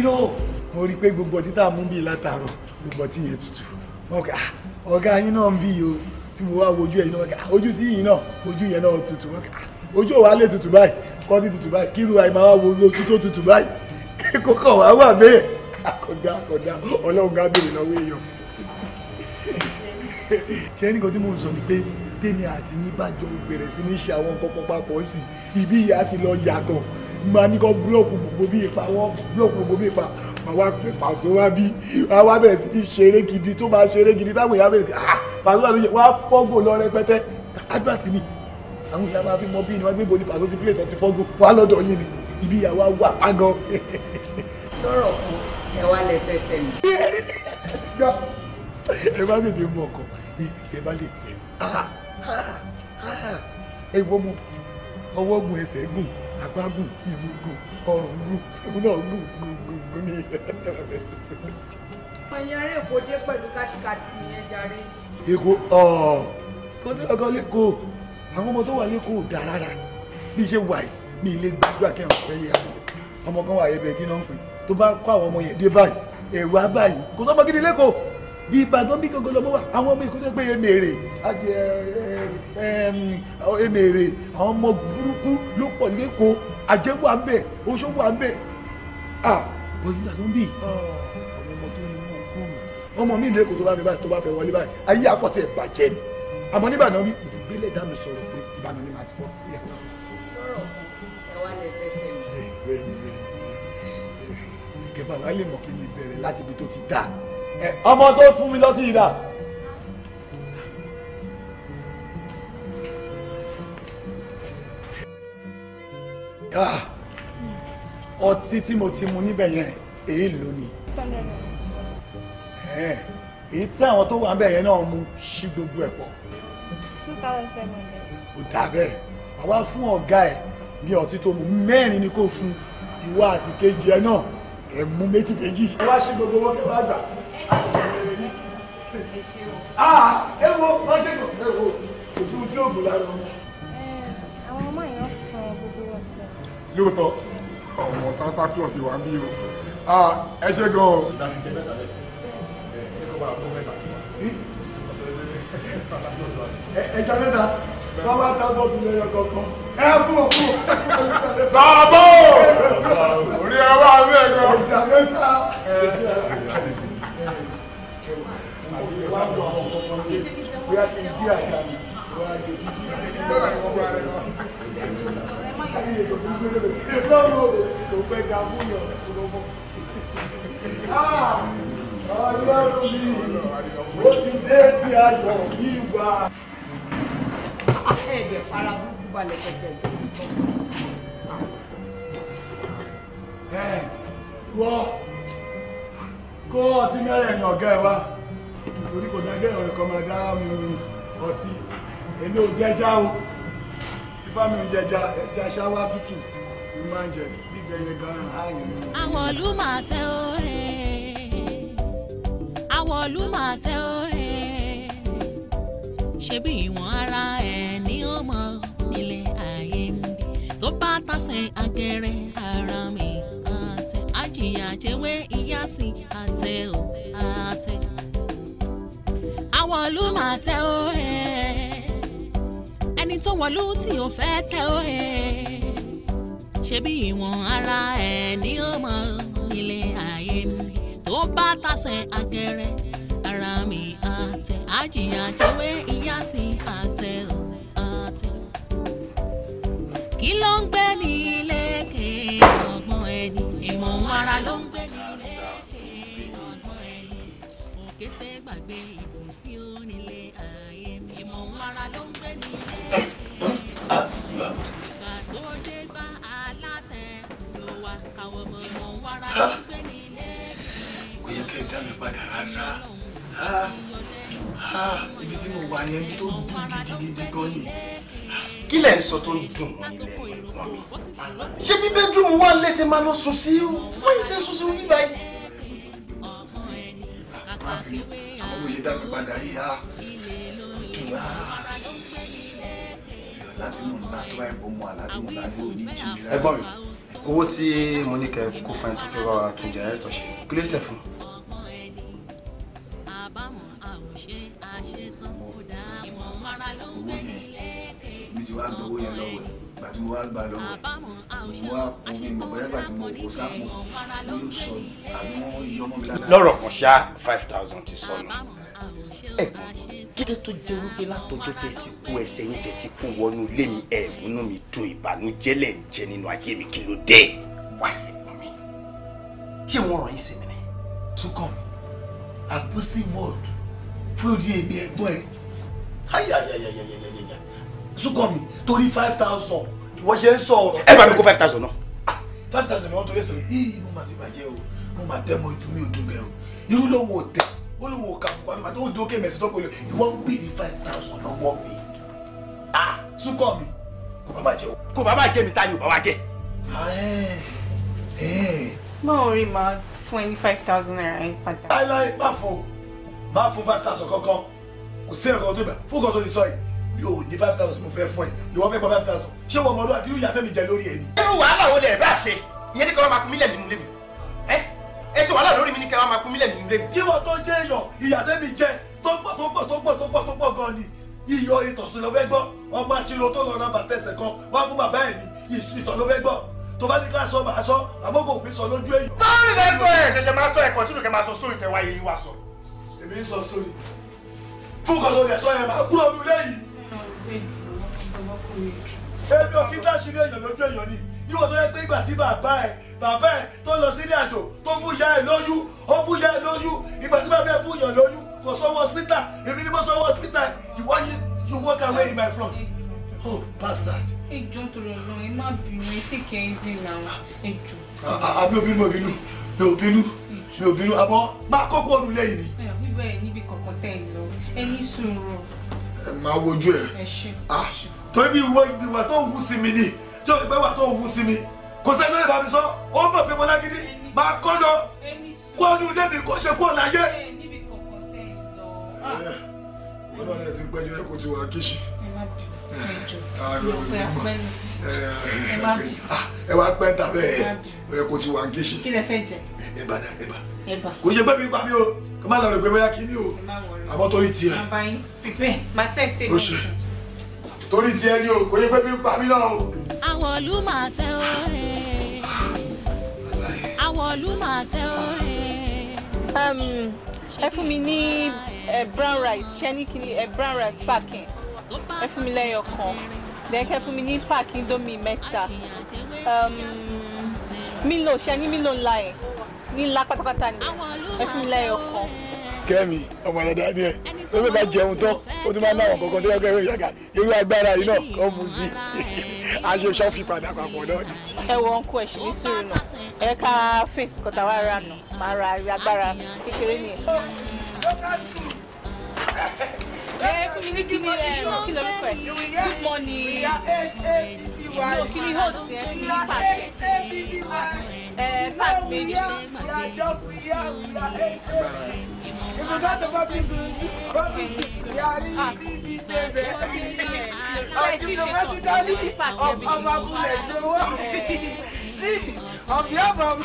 zero mo rí i pé gbogbo ọtí tá a mú bíi látàárọ̀ gbogbo ọtí yẹn tutù ọ̀gá ah, ọ̀gá yín náà ń bí o tí mo wá wojú ẹ̀yin náà ah, ojú tí yìí náà ojú yẹn náà tutù ah, ojú òwa lè tutù báyìí kọ́ ti tutù báyìí kí irú àìmọ̀ wá wo ojú tó tutù báyìí kíkó kàn wá wà bẹ́ẹ̀ àkọ́dá àkọ́dá ọlọ́run ká béèrè lọ́wọ́ èèyàn. ṣé ní nǹkan tí mò ń sọ ni pé tèmi àti yín bá jọ bẹ̀rẹ̀ sí ní ṣe àwọn nǹkan papọ̀ sí ibi ìyá ti lọ yàtọ̀ máa ní kọ́ búlọ̀kù gbogbo bí ipa wọ́n búlọ̀kù gbogbo bí ipa máa wá pè pàṣọ wá bí wá bẹ̀rẹ̀ sí ní ṣeré gidi tó máa ṣeré gidi táwọn èèyàn bẹ̀rẹ̀ ah pàṣọ wá bí wá fọ́gò lọ rẹpẹtẹ advert ni àwọn èèyàn máa fi mọ bí ni wọ́n gbé bo ní pàṣọ ti plate ọtí fọ́gò wá lọ́dọ̀ yìí ni ibi ìyàwó wà pàgọ́. lọ́rọ̀ kan ẹ wá lẹ fẹ́ fẹ́ mi. ẹ bá tètè mú ọkọ ẹ bá lè pẹ́ ah, ah, ah. ẹ wọ́n mu ọwọ́ gun ẹsẹ̀ gùn agbágùn ìlú gùn ọrùn gùn òun náà gùn gùn gùn gùn ní. ẹ̀yin ará èkó dé pẹ̀lú kátikáti nìyẹn jàre. èkó kò sí ọgọ́ lẹ́kọ̀ọ́ àwọn ọmọ tó wà lẹ́kọ̀ọ́ dà rárá bí ṣe wà yìí mi ilé gbàdúrà kí àwọn fẹ́ẹ́ yà ọmọ kan wà yẹ bẹ́ẹ̀ kí náà ń pè tó bá kó àwọn ọmọ yẹn dé báyìí ẹ̀rù báyìí kò sọ́mọ gidi lẹ́kọ̀ọ́ ìbàdàn bí gangan lọ́mọ wà àwọn ọmọ ìkọ́jọ́ pé emèrè emèrè àwọn ọmọ burúkú ló pọ̀ lẹ́kọ̀ọ́ àjẹwò à ń bẹ̀ oṣogbo à ń bẹ̀ à bọ̀ ìbàdàn bí ọmọ mi lẹ́kọ̀ọ́ tó bá mi báyìí tó bá fẹ́ wọlé báyìí ayé àkọ́tẹ̀ bàjẹ́ ni àmọ́ ní ìbàdàn bí ìdílé dá mi sọ̀rọ̀ pé ìbàdàn ni màá ti fọ́ kẹ bàbá lè mọ̀ kí n lè bẹ̀rẹ̀ láti ibi tó ti dáa ọmọ tó fún mi lọ́tí ìdá. Ah, ọtí tí mo ti mu níbẹ̀ yẹn èyí ló ni èyí tí àwọn tó wà ń bẹ̀ yẹn náà mu ṣí gbogbo ẹ̀ pọ̀. two thousand seven. kò dà bẹ́ẹ̀ àwa fún ọ̀gá ẹ̀ ní ọtí tó mu mẹ́rin ni kò fún ìwọ àti kejì ẹ náà ẹ̀ mú méjì méjì. ẹ wá ṣí gbogbo owó kẹwàá gbà ẹ ah, wo ọjọ́ kan ẹ wo òfin tí oògùn lára wọn. àwọn ọmọ yẹn sọ gbogbo wọn sílẹ̀. lóòótọ́ ọmọ Santa Claus ni wà ń bí o ah, ẹ ṣe gan-an. láti jẹ mẹ́ta lẹ́yìn ẹ kó bá a kó mẹ́ta sí wa. ẹja mẹ́ta wọ́n wá tásán fún ẹyọ kankan ẹ fún ọ bàbá o orí ẹ wá lẹ́ẹ̀kan. ẹja mẹ́ta. bí a ti bí àgbà mi wọ́n á gbé sí bí a ti gbọ́dọ̀ àwọn ọmọ rẹ̀ lọ. láti lè kò sí gbé lọ sí ilé lọ́rùn o kò pẹ́ da fún yàn kúrò mọ́. ọlọ́run mi ó ti dé ẹ̀ẹ́dẹ̀ fara burúkú balẹ̀ pẹ̀tẹ̀ ẹ̀ nítorí kò dá gẹ́rọ rẹ̀ kọ́ máa dá ọtí èmi ò jẹja o ifá ò jẹja ẹja ṣáwá tútù mi máa ń jẹ gbígbẹ yẹn gan ààyè mi. àwọn ìlú máa tẹ ó he àwọn ìlú máa tẹ ó he ṣebí ìwọ̀n ara ẹ̀ ní ọmọ nílé ayé ń bí tó bá tàsẹ̀ agẹrẹ ara mi àtẹ àjìyà jẹ́wé ìyá sí àtẹ òtẹ wọ̀lú máa tẹ́ ó ẹni tó wọ̀lú tí ò fẹ́ tẹ́ ó ṣebí ìwọ̀n ara ẹ̀ ní ọmọ ilé ayé mi tó bá tàṣẹ agẹrẹ ara mi àtẹ àjìyà jẹwé ìyá sí àtẹ ò àtẹ kí ló ń gbé ní ilé kè ọgbọ́n ẹni ìmọ̀ ara ló ń gbé ní ilé kè ọgbọ́n ẹni òkété gbàgbé ìbò sí onílé ayé mi ìmọ̀ ara ló ń gbé nílé ìgbà tó dé bá alátẹ ló wá káwọ́ mọ́ ìmọ̀ ara ló ń gbé nílé kò yẹ kẹ́ ẹ dá mi padà rárá ibi tí mo wà yẹn tó dùn gidigidi gan ni kí lẹ̀ ń sọ tó ń dùn nílẹ̀ ṣé bí bẹ́dúrúmù wà létí máa lọ sùn sí wọ́n yìí tẹ́ sùn sí wọ́n yìí báyìí bó ṣe dá mi padà yìí á dùn á láti mú nà tó báyìí bó mú àlá tí mo bá ní òní jí mi rárá. mi owó tí mo ní kẹ kó fún ẹ tó fẹ́ bá wa tún jẹrẹtọ ṣe kí ló tẹ fún. owó yẹn mi ti wá gbọ́ yẹn lọ́wọ́ ẹ̀ ìgbà tí mo wá gbà lọ́wọ́ mo wá omi ìmọ̀ bóyá ìgbà tí mo kó sápò mo yóò sọnù àbí wọ́n yọ ọmọ mi lánàá. lọ́rọ̀ kan ṣá five thousand ti sọnù. ẹ gidi tó jẹ́ wípé látọjọ́ tẹ́ ti kú ẹsẹ̀ yín tẹ́ ti kú wọnú ilé mi ẹ múnú mi dùn ìbànújẹ́ lẹ ń jẹ nínú ayé mi kí ló dé wáyé mọ mi ṣé wọ́n ràn yín sí mi ni. sukan apostle fún òdi èmi ẹ̀gbọ́n ẹ Súnkànmí torí five thousand ìwọ ṣe ń sọ ọ̀rọ̀. ẹ bá mi kó five thousand náà. five thousand ni wọ́n torí sọ̀rọ̀ yìí mo máa ti bàjẹ́ o mo máa tẹ́ mọ́ ju mi ò dùn bẹ́ẹ̀ o irú ló wo tẹ ó ló wo kàkùkọ àti bàtà ó dókè mẹ́sì tó pẹ̀lú ìwọ ń pè ní five thousand lọ́wọ́ mi. ah Súnkànmí kò bá bàjẹ́ o. kò bá bàjẹ́ mi ta ni ò bá bàjẹ́. báwo ah, eh, eh. rí màá fún ẹ ní five thousand naira yín padà. láíláí má fún má fún five thousand kankan kò sí ẹ̀kọ́ tó bẹ̀ fún kan tó ti sọ yìí mi ò ní five thousand mo fẹ́ fún ẹ ìwọ fẹ́ gba five thousand ṣé wọn mọ ọdún àti ìyá fẹ́mi jẹ lórí ẹ ni. irú wàhálà wo lè bá ṣe ìyẹn ní kí wọn máa kún mílẹ̀ nínú ilé mi ẹ ẹ ṣe wàhálà lórí mi ní kí wọn máa kún mílẹ̀ nínú ilé mi. kíwọ tó jẹ èèyàn ìyá fẹ́mi jẹ tó pọ̀ tó pọ̀ tó pọ̀ tó pọ̀ tó pọ̀ gan ni iyọ̀ ìtọ̀sùn lọ́fẹ́ gbọ́ ọmọ àtìlọ tó lọ ra bàtẹ́sẹ̀ kan wá fún bàbá ẹ̀ ní ìtọ̀ lọ́fẹ́ gbọ́ tó bá ní ká sọ màá sọ àmọ́ kò fi sọ lójú èyí. lórí rẹ sọ ẹ ṣẹ̀ṣẹ̀ máa sọ ẹ kọtínú kẹ máa sọ sórí tẹ wáyé yín wá sọ. èmi ń sọ sórí fún kọtò rẹ sọ yẹn máa kúrò nílé yìí ẹbí òkí bá ṣírí èèyàn lójú èèyàn ni níwọ̀n tó yẹ pé ìgbà tí bàbá ẹ̀ bàbá ẹ̀ tó lọ sílé àjò tó fún ìyá ẹ̀ lóyún ó fún ìyá ẹ̀ lóyún ìgbà tí bàbá ẹ̀ fún ìyàn lóyún kò sọ́wọ́ hospital èmi ni mo sọ́wọ́ hospital ìwọ yìí you walk away in my front oh bastard. ìjọ tòrò lọ ẹ má bínú ẹ tèkẹ ẹzẹ náà ẹjọ. àbí òbí mi ò bínú mi ò bínú mi ò bínú àbọ̀ bá kókó òrùlé yìí ni. ẹ ò bíbẹ̀ níbi kọ̀ọ̀kan tẹ̀ ń lọ ẹ ní sùúrù ẹ máa wojú ẹ torí bí ìwà tó wù sí mi ni tí òfin gbẹ́wà tó wù sí mi kò sẹ́ni tó lè bá mi sọ ó mọ̀ pé mo lágídí máa kọ́ lọ kó ọdún ilé mi kó ṣe kúrò láyé. wọ́n lọ́ọ́ lẹ́sìn gbẹ́jọ́ ẹ kó ti ẹ má bẹ̀rẹ̀ ẹjọ́ ẹ pé apẹ́ni. Ah, ẹ wá pẹ́ ta bẹ́ẹ̀ ẹ kò ti wà ń kéṣe kí lẹ fẹ́ jẹ ẹ bá ẹ bá kò ṣe pé mi pa mí o kí má lọ rẹ pé bóyá kí ni o àmọ́ torí tiẹ̀ o ṣe torí tiẹ̀ ni o kò ṣe pé mi pa mí náà o. àwọn ìlú máa tẹ oore àwọn ìlú máa tẹ oore um, ẹ fún mi ní eh, brown rice ṣẹ́ ní kí ni eh, brown rice packing ẹ fún mi lẹ́yọ̀ kan dẹ́kẹ́ fún mi ní páàkì indomie mẹ́ta mílò um, ṣe ní mílò ńlá yẹn ní ńlá pátápátá ni ẹ fún mi lẹ́yìn ọkàn. kẹ́mi ọmọ ẹ̀dá ni ẹ tó bẹ́ẹ̀ bá jẹun tán ó tún máa ń náwọn kankan tó yẹ kẹ́mi ìyàgà irú agbára yìí náà kọ́ mu sí i aṣọ ṣọ́ọ̀fì padà papọ̀ náà ni. ẹ wọ ọkọ ẹ ṣì ní sùúrù náà ẹ ká fèsì kọta wá ra nù máa ra agbára kékeré nìyẹn. ẹ fún mi ní kíni ẹ kí ló lóko ẹ good morning no kíni hold ẹ fún eh, mi ní eh, pack ẹ pack méjì. Ibùdó public public yàrá ìdíbi tẹ̀lé ọ̀dùnmọ̀tì dálí ọmọ abúlé ṣe wọ́n see on behalf of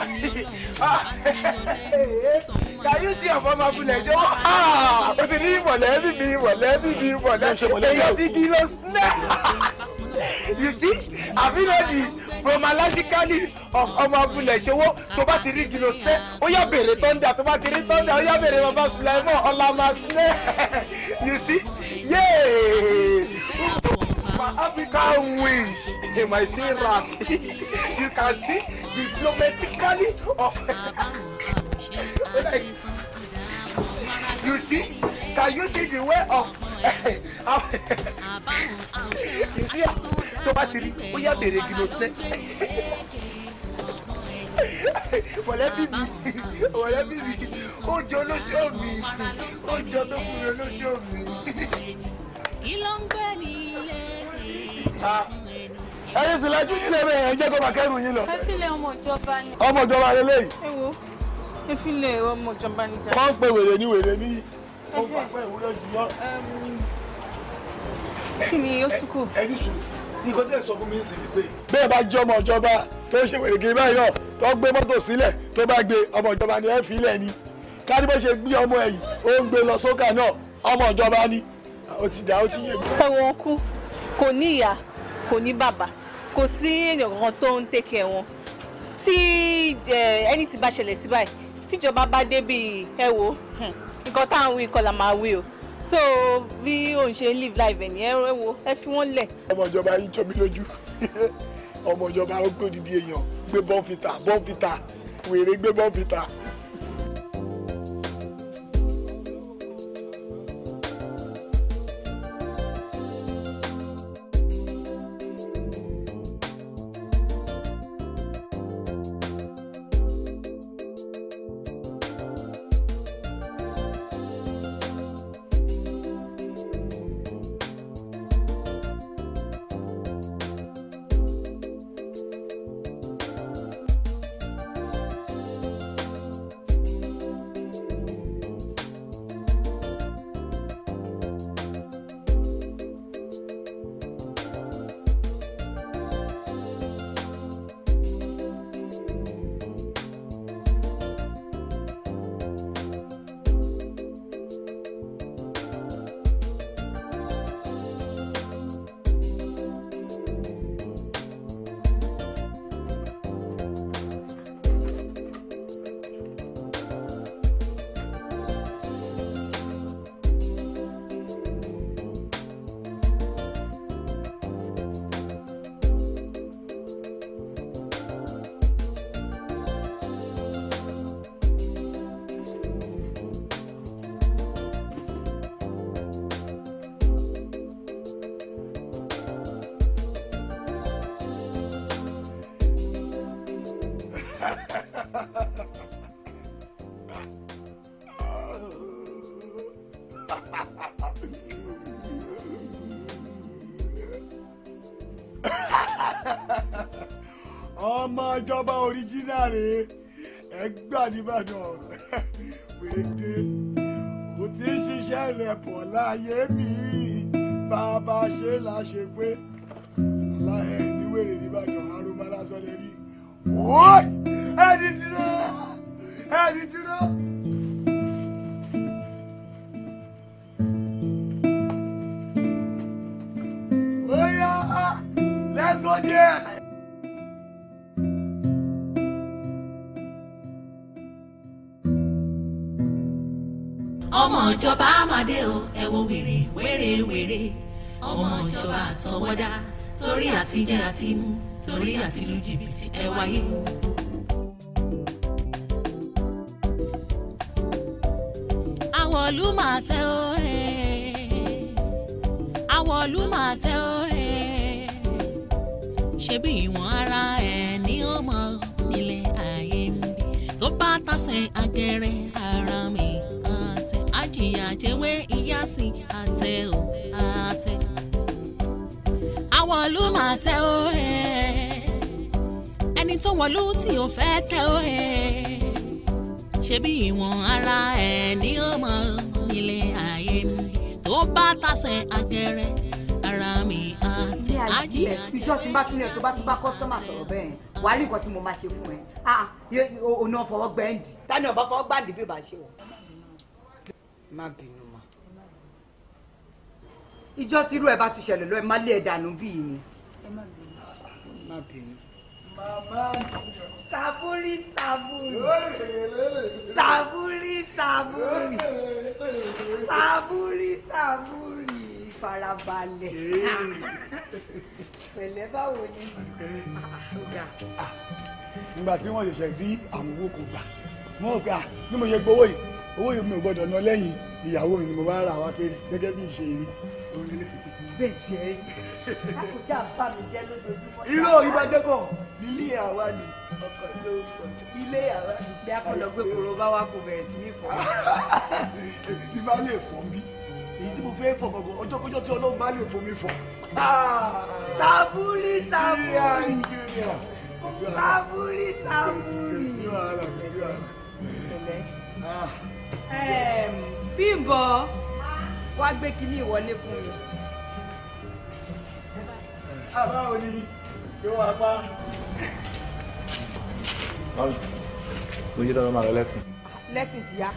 can you see ọ̀fọ̀ máa bulẹ̀ ṣe wọ́n o ti ní mọ̀lẹ́bí mi mọ̀lẹ́bí mi mọ̀lẹ́bí èyàn ti di lọ sílẹ̀ you see àfihàn romalagically of ọmọ abúlé ṣòwò tó bá ti rí gino sílẹ̀ ó yà bèrè tọ́ndà tó bá ti rí tọ́ndà ó yà bèrè bàbá sùlẹ̀ náà ọ̀làmà sílẹ̀ you see yeah my African wish, in my sea rat. you can see diplomatically of like, you see, can you see the way of you see tó bá ti rí ó yá bèrè gino sílẹ̀ mọ̀lẹ́bí mi mọ̀lẹ́bí me ó jẹ olóṣèlú mi ó jẹ olóṣèlú mi. kí ló ń gbé ní ilé ẹyin sì lẹ́jú yín lébè yẹn jẹ́ kó bá kẹ́rù yín lọ. ẹ sílẹ̀ ọmọ ìjọba ni. ọmọ ìjọba ni eléyìí. ẹ wo efile ọmọ ìjọba ni jà. wọ́n pe wèrè ní wèrè ní ọgbàgbọ́ ìwúrọ̀ jùlọ. kí ni ó sùkù. ẹni sùn nǹkan tẹ́ ẹ sọ fún mi ń sìn ní pé. bẹ́ẹ̀ bá jẹ́ ọmọ ìjọba tó ṣe wèrè kiri báyìí náà tó gbé mọ́tò sílẹ̀ tó bá gbé ọmọ ìjọba ni ẹ fi ilẹ̀ ni kárí bó ṣe gbé ọmọ ẹ̀yìn ó ń gbé lọ sókà náà ọmọ ìjọba ni ó ti dà ó ti yé mi. ẹ̀wọ̀n kú kò ní ìyá kò ní bàbá kò sí èèyàn kankan tó ń tẹkẹ wọn tí ẹni tí bá ṣẹlẹ̀ sí báyìí tíjọba bá dé bíi ẹ wo hmm, nǹkan tá à ń wí kọ́ la máa wí o so bí òun ṣe live life ẹ̀ ní ẹ wo ẹ fi wọ́n lẹ̀. ọmọ ìjọba yìí jọ mí lójú ọmọ ìjọba ó gbódìdí èèyàn gbé bọ́ǹfìtà bọ́ǹfìtà wèrè gbé bọ́ǹfìtà ọmọ ìjọba oríjìnà rèé ẹgbà nìbàdàn wèrèdè kò tí ń ṣiṣẹ́ rẹ̀ pọ̀ láàyè mi bàbá ṣe là ṣe pé láyé níwèrè nìbàdàn arúgbó lásán lè rí ẹni dúró ẹni dúró. ìjọba àmàdé o ẹ wo wèrè wèrè wèrè ọmọ ìjọba àtọwọ́dá torí àtijẹ àtimú torí àtilu jìbìtì ẹ wáyé. àwọ̀lú máa tẹ ọ́ àwọ̀lú máa tẹ ọ́ ṣebí ìwọ̀n ara ẹ̀ ní ọmọ nílẹ̀ ayé mi tó bá tàṣẹ agẹrẹ àjẹwé ìyásìn àtẹ ò àtẹ. àwọn ìlú máa tẹ ó ẹ ẹni tó wọlú tí ò fẹ́ tẹ ó ẹ ṣebí ìwọ̀n ara ẹ̀ ní ọmọ ilé ayé mi tó bá tàsẹ̀ agẹrẹ ara mi àti ajé ajé ìjọ tí n bá tún lẹ tó bá tún bá kọ́sítọ́mà sọ̀rọ̀ bẹ́ẹ̀ wà á rí nǹkan tí mo máa ṣe fún ẹ ọ̀nà fọwọ́ gbẹ́ndì tani ọba fọwọ́ gbàdí bí ìbá ṣe wọ̀ má bínú ma ìjọ tí irú ẹ bá ti ṣẹlẹ̀ lọ ẹ má lé ẹ dànù bíi ni má bínú. sàbúrí sàbúrí sàbúrí sàbúrí sàbúrí sàbúrí farabalẹ̀ pẹ̀lẹ́ báwo ni ah. nígbà tí wọ́n ṣẹ̀ṣẹ̀ rí àwọn owó kan gbà wọ́n gbà ah, bí mo ṣe gbowó yìí owó yìí mi ò gbọ́dọ̀ ná lẹ́yìn ìyàwó mi ni mo bá rà wá pé gẹ́gẹ́ bí ìṣe mi. bẹ́ẹ̀ tiẹ̀ rí lákòókò àbá mi jẹ́ lójoojúmọ́. irọ́ ìbájẹ́kọ̀ nílé àwa ni ọkọ̀ ló ń ilé àwa ni. bí a kò lọ gbé koro bá wa kò bẹ̀rẹ̀ sí ní fọ́. èmi ti máa lè fọ́ bí èyí tí mo fẹ́ fọ gbọ̀ngàn ọjọ́kọjọ́ tí ọlọ́run bá lè fọ mi fọ. Ah! sàbúrì sàbúrì sàbúrì sàbúrì. Bímbọ́ wá gbé kinní ìwọlé fún mi. àbá ò ní kí wọ́n apá. mo yí dáná máa rẹ lẹ́sìn. lẹ́sìn ti ya.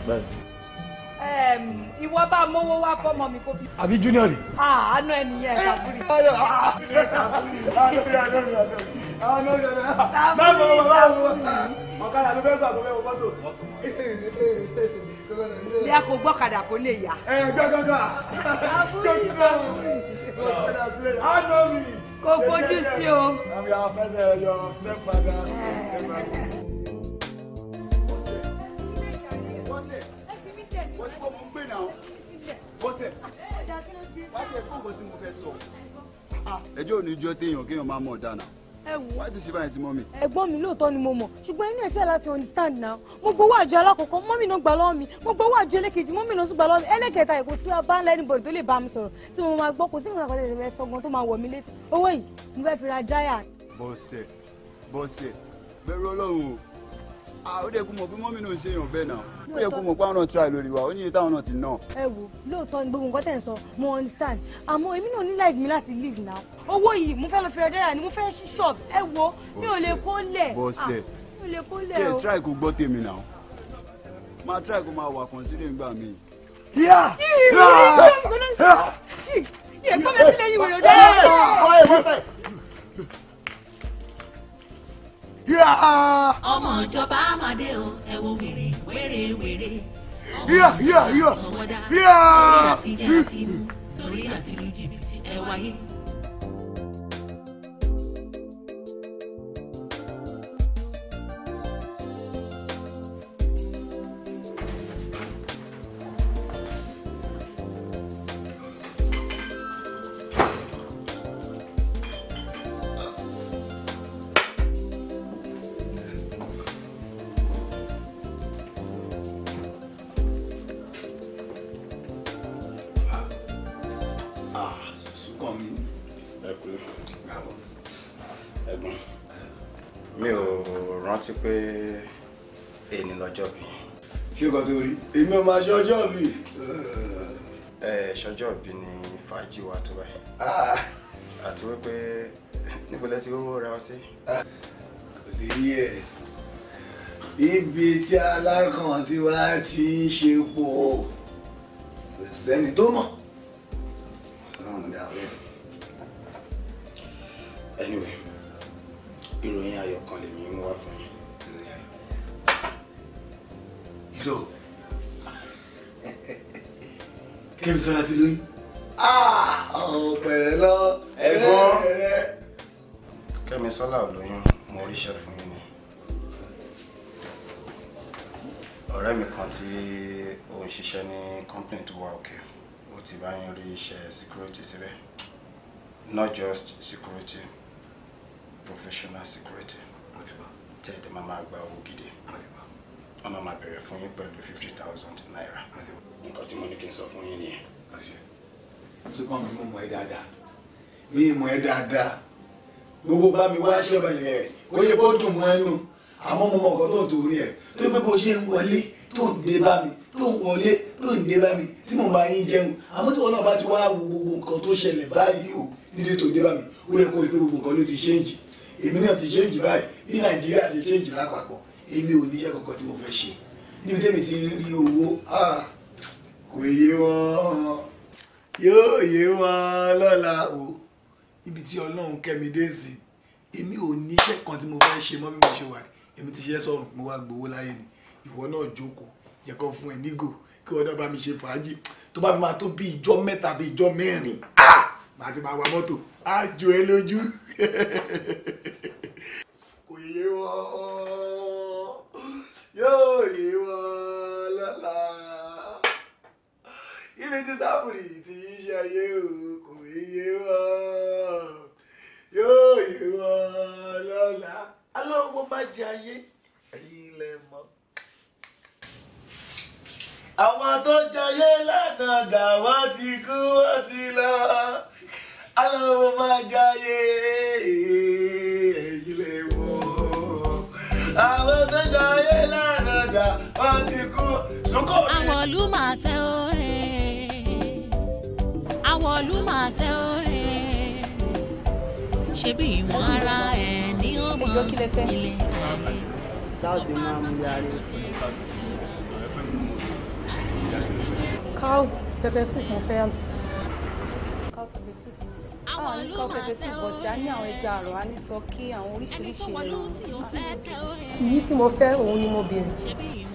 ìwọ bá mówó wá fọmọ mi kó fi. àbí junior. Ah, àánú ẹ nìyẹn sàbúrì. sàbúrì sàbúrì. ọ̀kadà ló fẹ́ gbà tó fẹ́ wọ mọ́tò. Eh, eh, eh, bí a kò gbọ́kadà kó lè yá. ẹ gbẹgbẹgbà dókítà dókítà sílẹ̀ àná mi. kò fojú sí o. àmì àfẹsẹ̀ yọ step padà sí ẹgbà sí. wọ́n ti kọ́ mo ń gbé náà bọ́sẹ̀ wá ṣe kóńgò tí mo fẹ́ sọ. ẹjọ́ ò ní jọ́ téèyàn kéèyàn máa mọ̀ dáná ẹ wò. wáyé tó ṣe báyìí sí mọ́mì. ẹ̀gbọ́n mi lóòótọ́ ni mo mọ̀ ṣùgbọ́n inú ẹ̀ fẹ́ láti understand now mo gbowó àjọ alákọ̀ọ́kọ́ mọ́mì náà gbà lọ́wọ́ mi mo gbowó àjọ ẹlẹ́kejì mọ́mì náà tún gbà lọ́wọ́ mi ẹlẹ́kẹta ẹ̀kọ́ sí wa bá ńlá anybody tó lè bá mi sọ̀rọ̀ tí mo máa gbọ́ kò sí nǹkan kan sọgbọ́n tó máa wọ̀ mí létí owó yìí mo fẹ́ fi ra jáyà. bọ́sẹ̀ bọ́sẹ̀ bẹ́ẹ̀ rọ́lọ́run o ó dẹ̀ kú mọ̀ bí mọ́mí náà ń ṣe èèyàn bẹ́ẹ̀ náà ó yẹ kó mọ̀ pé àwọn náà try lórí wa ó ní iye táwọn náà ti ná. ẹ wo lóòótọ́ ni gbogbo nǹkan tẹ̀ ń sọ mo understand àmọ́ èmi náà ní life mi láti live now owó yìí mo fẹ́ lọ fẹ́rẹ̀ dára ni mo fẹ́ ṣí shop ẹ wo mi ò lè kó lẹ̀ bọ́sẹ̀ mi ò lè kó lẹ̀ o. tẹ̀ try kó gbọ́ tèmi náà máa try kó máa wà considering gbà mí. yíyá yíyá yíyá yíyá ọmọ ìjọba amadé o ẹ wo wèrè wèrè wèrè ọmọ ìjọba àtọwọ́dá torí àti torí àti jìbìtì ẹ wáyé. rántí pé èyí lọ́jọ́ bí. kí o kàn tó rí èmi ò máa ṣe ẹ ṣọjọ́ bí ni fàájì wa tó báyìí. Ah. àti wípé níbo lẹ ti rówó ra ọtí. Ah. kò lè rí ẹ ibi tí alákàn tiwa ti ń ṣe pọ̀ kò sẹ́ni tó mọ̀. Bísọ́lá ti lóyún. Ah, ọ̀pẹ̀ lọ ẹ̀gbọ́n. Kẹ́misọ́lá ò lóyún mo ríṣẹ́ fún yín ni. ọ̀rẹ́ mi kan tí ó ń ṣiṣẹ́ ní company tó wà òkè ó ti bá yín rí iṣẹ́ security síbẹ̀ not just security professional security tẹ̀lé máa máa gba owó gidi wọ́n máa máa bẹ̀rẹ̀ fún yín pẹ̀lú fifty thousand naira. nǹkan tí mo ní kí n sọ fún yín nìyẹn. ṣùgbọ́n mi mú mọ ẹ dáadáa mi mọ ẹ dáadáa gbogbo bá mi wá ṣẹ́bà yẹn rẹ̀ kó yẹ kó dùn mọ́ ẹnu àmọ́ mo mọ ọ̀kan tó ń torí ẹ̀ tó pé bó ṣe ń wọlé tó ń dé bá mi tó ń wọlé tó ń dé bá mi tí mo bá yín jẹun àmọ́ tí wọn náà bá ti wá wo gbogbo nǹkan tó ṣẹlẹ̀ báyìí o nídìí tó dé bá mi ó yẹ kó rí pé gbogbo nǹkan ló ti ṣéǹjì èmi náà ti ṣéǹjì báyìí bí nàìjíríà ti ṣéǹjì lápapọ̀ èmi ò níṣẹ́ kankan tí mo fẹ́ ṣe níbi tẹ́mi ti rí owó kò yé wọn yóò yé wọn lọ́la o ibi tí ọlọ́run kẹ́mi dé sí èmi ò níṣẹ́ kan tí mo fẹ́ ṣe mọ́ bí mo ṣe wà èmi ti ṣiṣẹ́ sọ̀rùn mo wá gbowó láyé ni ìwọ náà jókòó jẹ́ fún ẹ nígò kí wọ́n náà bá mi ṣe fàájì tó bá mi máa tó bí ìjọ mẹ́ta bí ìjọ mẹ́rin màá ti máa wa mọ́tò á jọ ẹ lójú kò yé wọn yóò rí wọn lọ́la ilé tí sáfùrì ti ń ṣe ayé o kò yé wọn yóò rí wọn lọ́la alọ́wọ́ bá jẹ ayé ẹ̀yin ilẹ̀ mọ́. àwọn tó jayé ládàdà wọ́n ti kú wọ́n ti lọ alọ́wọ́ bá jayé ẹ̀yin ilẹ̀ mọ́ àwọn tó jayé wọ́n ti kú sunkó mi. àwọ̀lú máa tẹ ó he àwọ̀lú máa tẹ ó he ṣebí ìwọ̀n ara ẹ̀ ní ọmọ ilé ayé. láti máa mú yàrá cow pepper soup mo fẹ́ àǹtí. cow pepper soup. àwọn ìlú ah, máa pepper soup bọ̀tí a ní àwọn ẹja àrọ̀ a ní tọ́kí àwọn oríṣiríṣi ẹ̀rọ. èyí tí mo fẹ́ òun ni mo béèrè.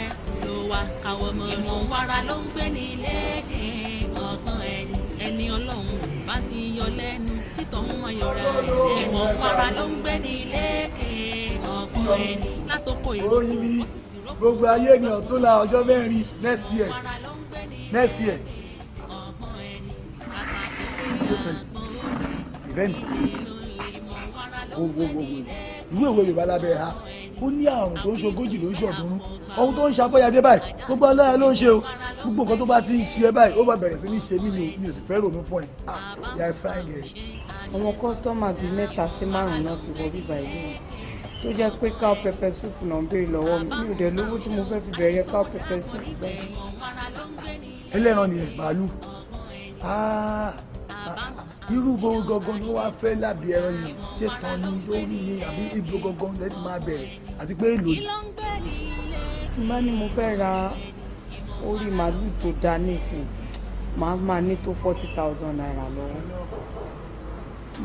wa káwọ́ ọmọ ìmọ̀ wàrà ló ń gbé ní ilé ọgbọ́n ẹni ẹni ọlọ́run bá ti yọ lẹ́nu nítorí wọn yọra ìmọ̀ wàrà ló ń gbé ní ilé ọgbọ́n ẹni látòkò ìròyìn gbogbo ayé ni ọ̀túnla ọjọ́ mẹ́rin next year next year. ìfẹ́ mi wo wo wo ìwé ìwé Yorùbá lábẹ́ ha ó ní àrùn tó ń ṣogójì ló ń ṣọ̀dúnrún ohun tó ń ṣe abọ́yadé báyìí gbogbo aláya ló ń ṣe o gbogbo nǹkan tó bá ti ń ṣe ẹ báyìí ó bá bẹ̀rẹ̀ sí ní ṣe mí ni mi ò sì fẹ́ ròmí fún ẹ ah, yà á fáìn ẹ. àwọn kọ́sítọ́mà bíi mẹ́ta sí márùn-ún náà ti wọ bíbá ìlú mi tó jẹ́ pé cow pepper soup náà ń béèrè lọ́wọ́ mi mi ò dẹ̀ lówó tí mo fẹ́ fi bẹ̀rẹ̀ cow pepper soup bẹ́ẹ̀. ẹlẹ́ran ni ẹ̀ màálù irú bo gangan ni wọ́n fẹ́ lábì ẹran yìí ṣé tán ni orí ni àbí ibo gangan lẹ́tì máa bẹ̀rẹ̀ àti pé èlò yìí. tí má ní mo fẹ́ ra orí màálù tó dáa nísìn màá máa ní tó forty thousand naira lọ́wọ́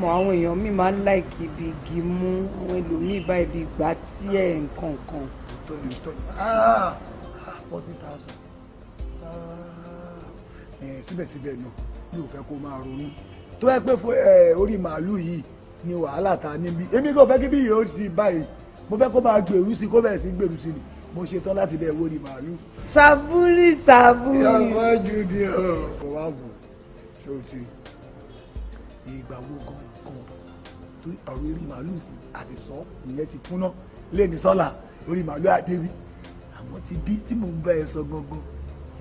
mọ àwọn èèyàn mi máa ń láìkí ibi igi mú àwọn ẹlòmíì bá ibi ìgbà tí ẹ nǹkan kan. forty thousand ah, eh, síbẹ̀síbẹ̀ náà mi fẹ́ kó máa ronú tó yẹ pé orí màálù yìí ni wàhálà ta níbí èmi kò fẹ́ kí bí yóò di báyìí mo fẹ́ kó máa gbèrú sí kó bẹ̀rẹ̀ sí gbèrú sí ni mo ṣetán láti bẹ̀ wórí màálù. sàbúrì sàbúrì. ìyàwó jùdí ọ. mo wá wò ṣé o ti ìgbà wo gangan torí ọ̀rọ̀ orí màálù sí àti sọ ìyẹn ti kúnná lẹ́ni sọ́la orí màálù àdébí àmọ́ ti bí tí mò ń bá ẹ sọ gangan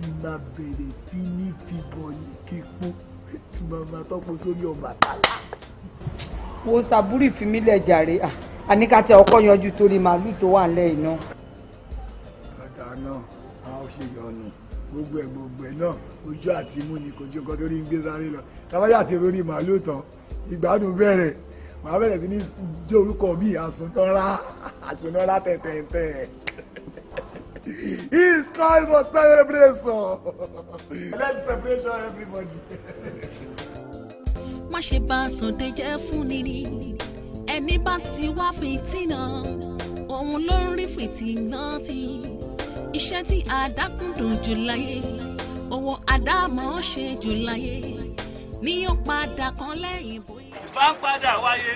ti máa bẹ̀rẹ̀ fínífìbọn ní kíkún tí mo máa tọ́pọ̀ sórí Ọbàtálá. wo sàbúrì fi mí lẹ̀ jàre àníkàtà ọkọ yanjú torí màálù tó wà nílẹ̀ iná. bàtà náà a ó ṣe yọnu gbogbo ẹ gbogbo ẹ náà ojú àti imú ni kò sí ọkọ tó rí ń gbé sáré lọ tábájà ti rori màálù tán ìgbádùn bẹ̀rẹ̀ màá bẹ̀rẹ̀ sí ní jẹ́ orúkọ bíi àsùnjọ́ra àsùnjọ́ra tẹ̀tẹ̀tẹ̀. His call for celebration. Let's celebration everybody. Má ṣe bá tòde jẹ́ fún ni ni, ẹni bá ti wá fìtínà, òun ló ń rí fìtínà tí. Iṣẹ́ tí àdákùndùn jù láyé, owó àdámọ̀ ṣe jù láyé, ní ó padà kan lẹ́yìn bóyá. Ìbá padà wáyé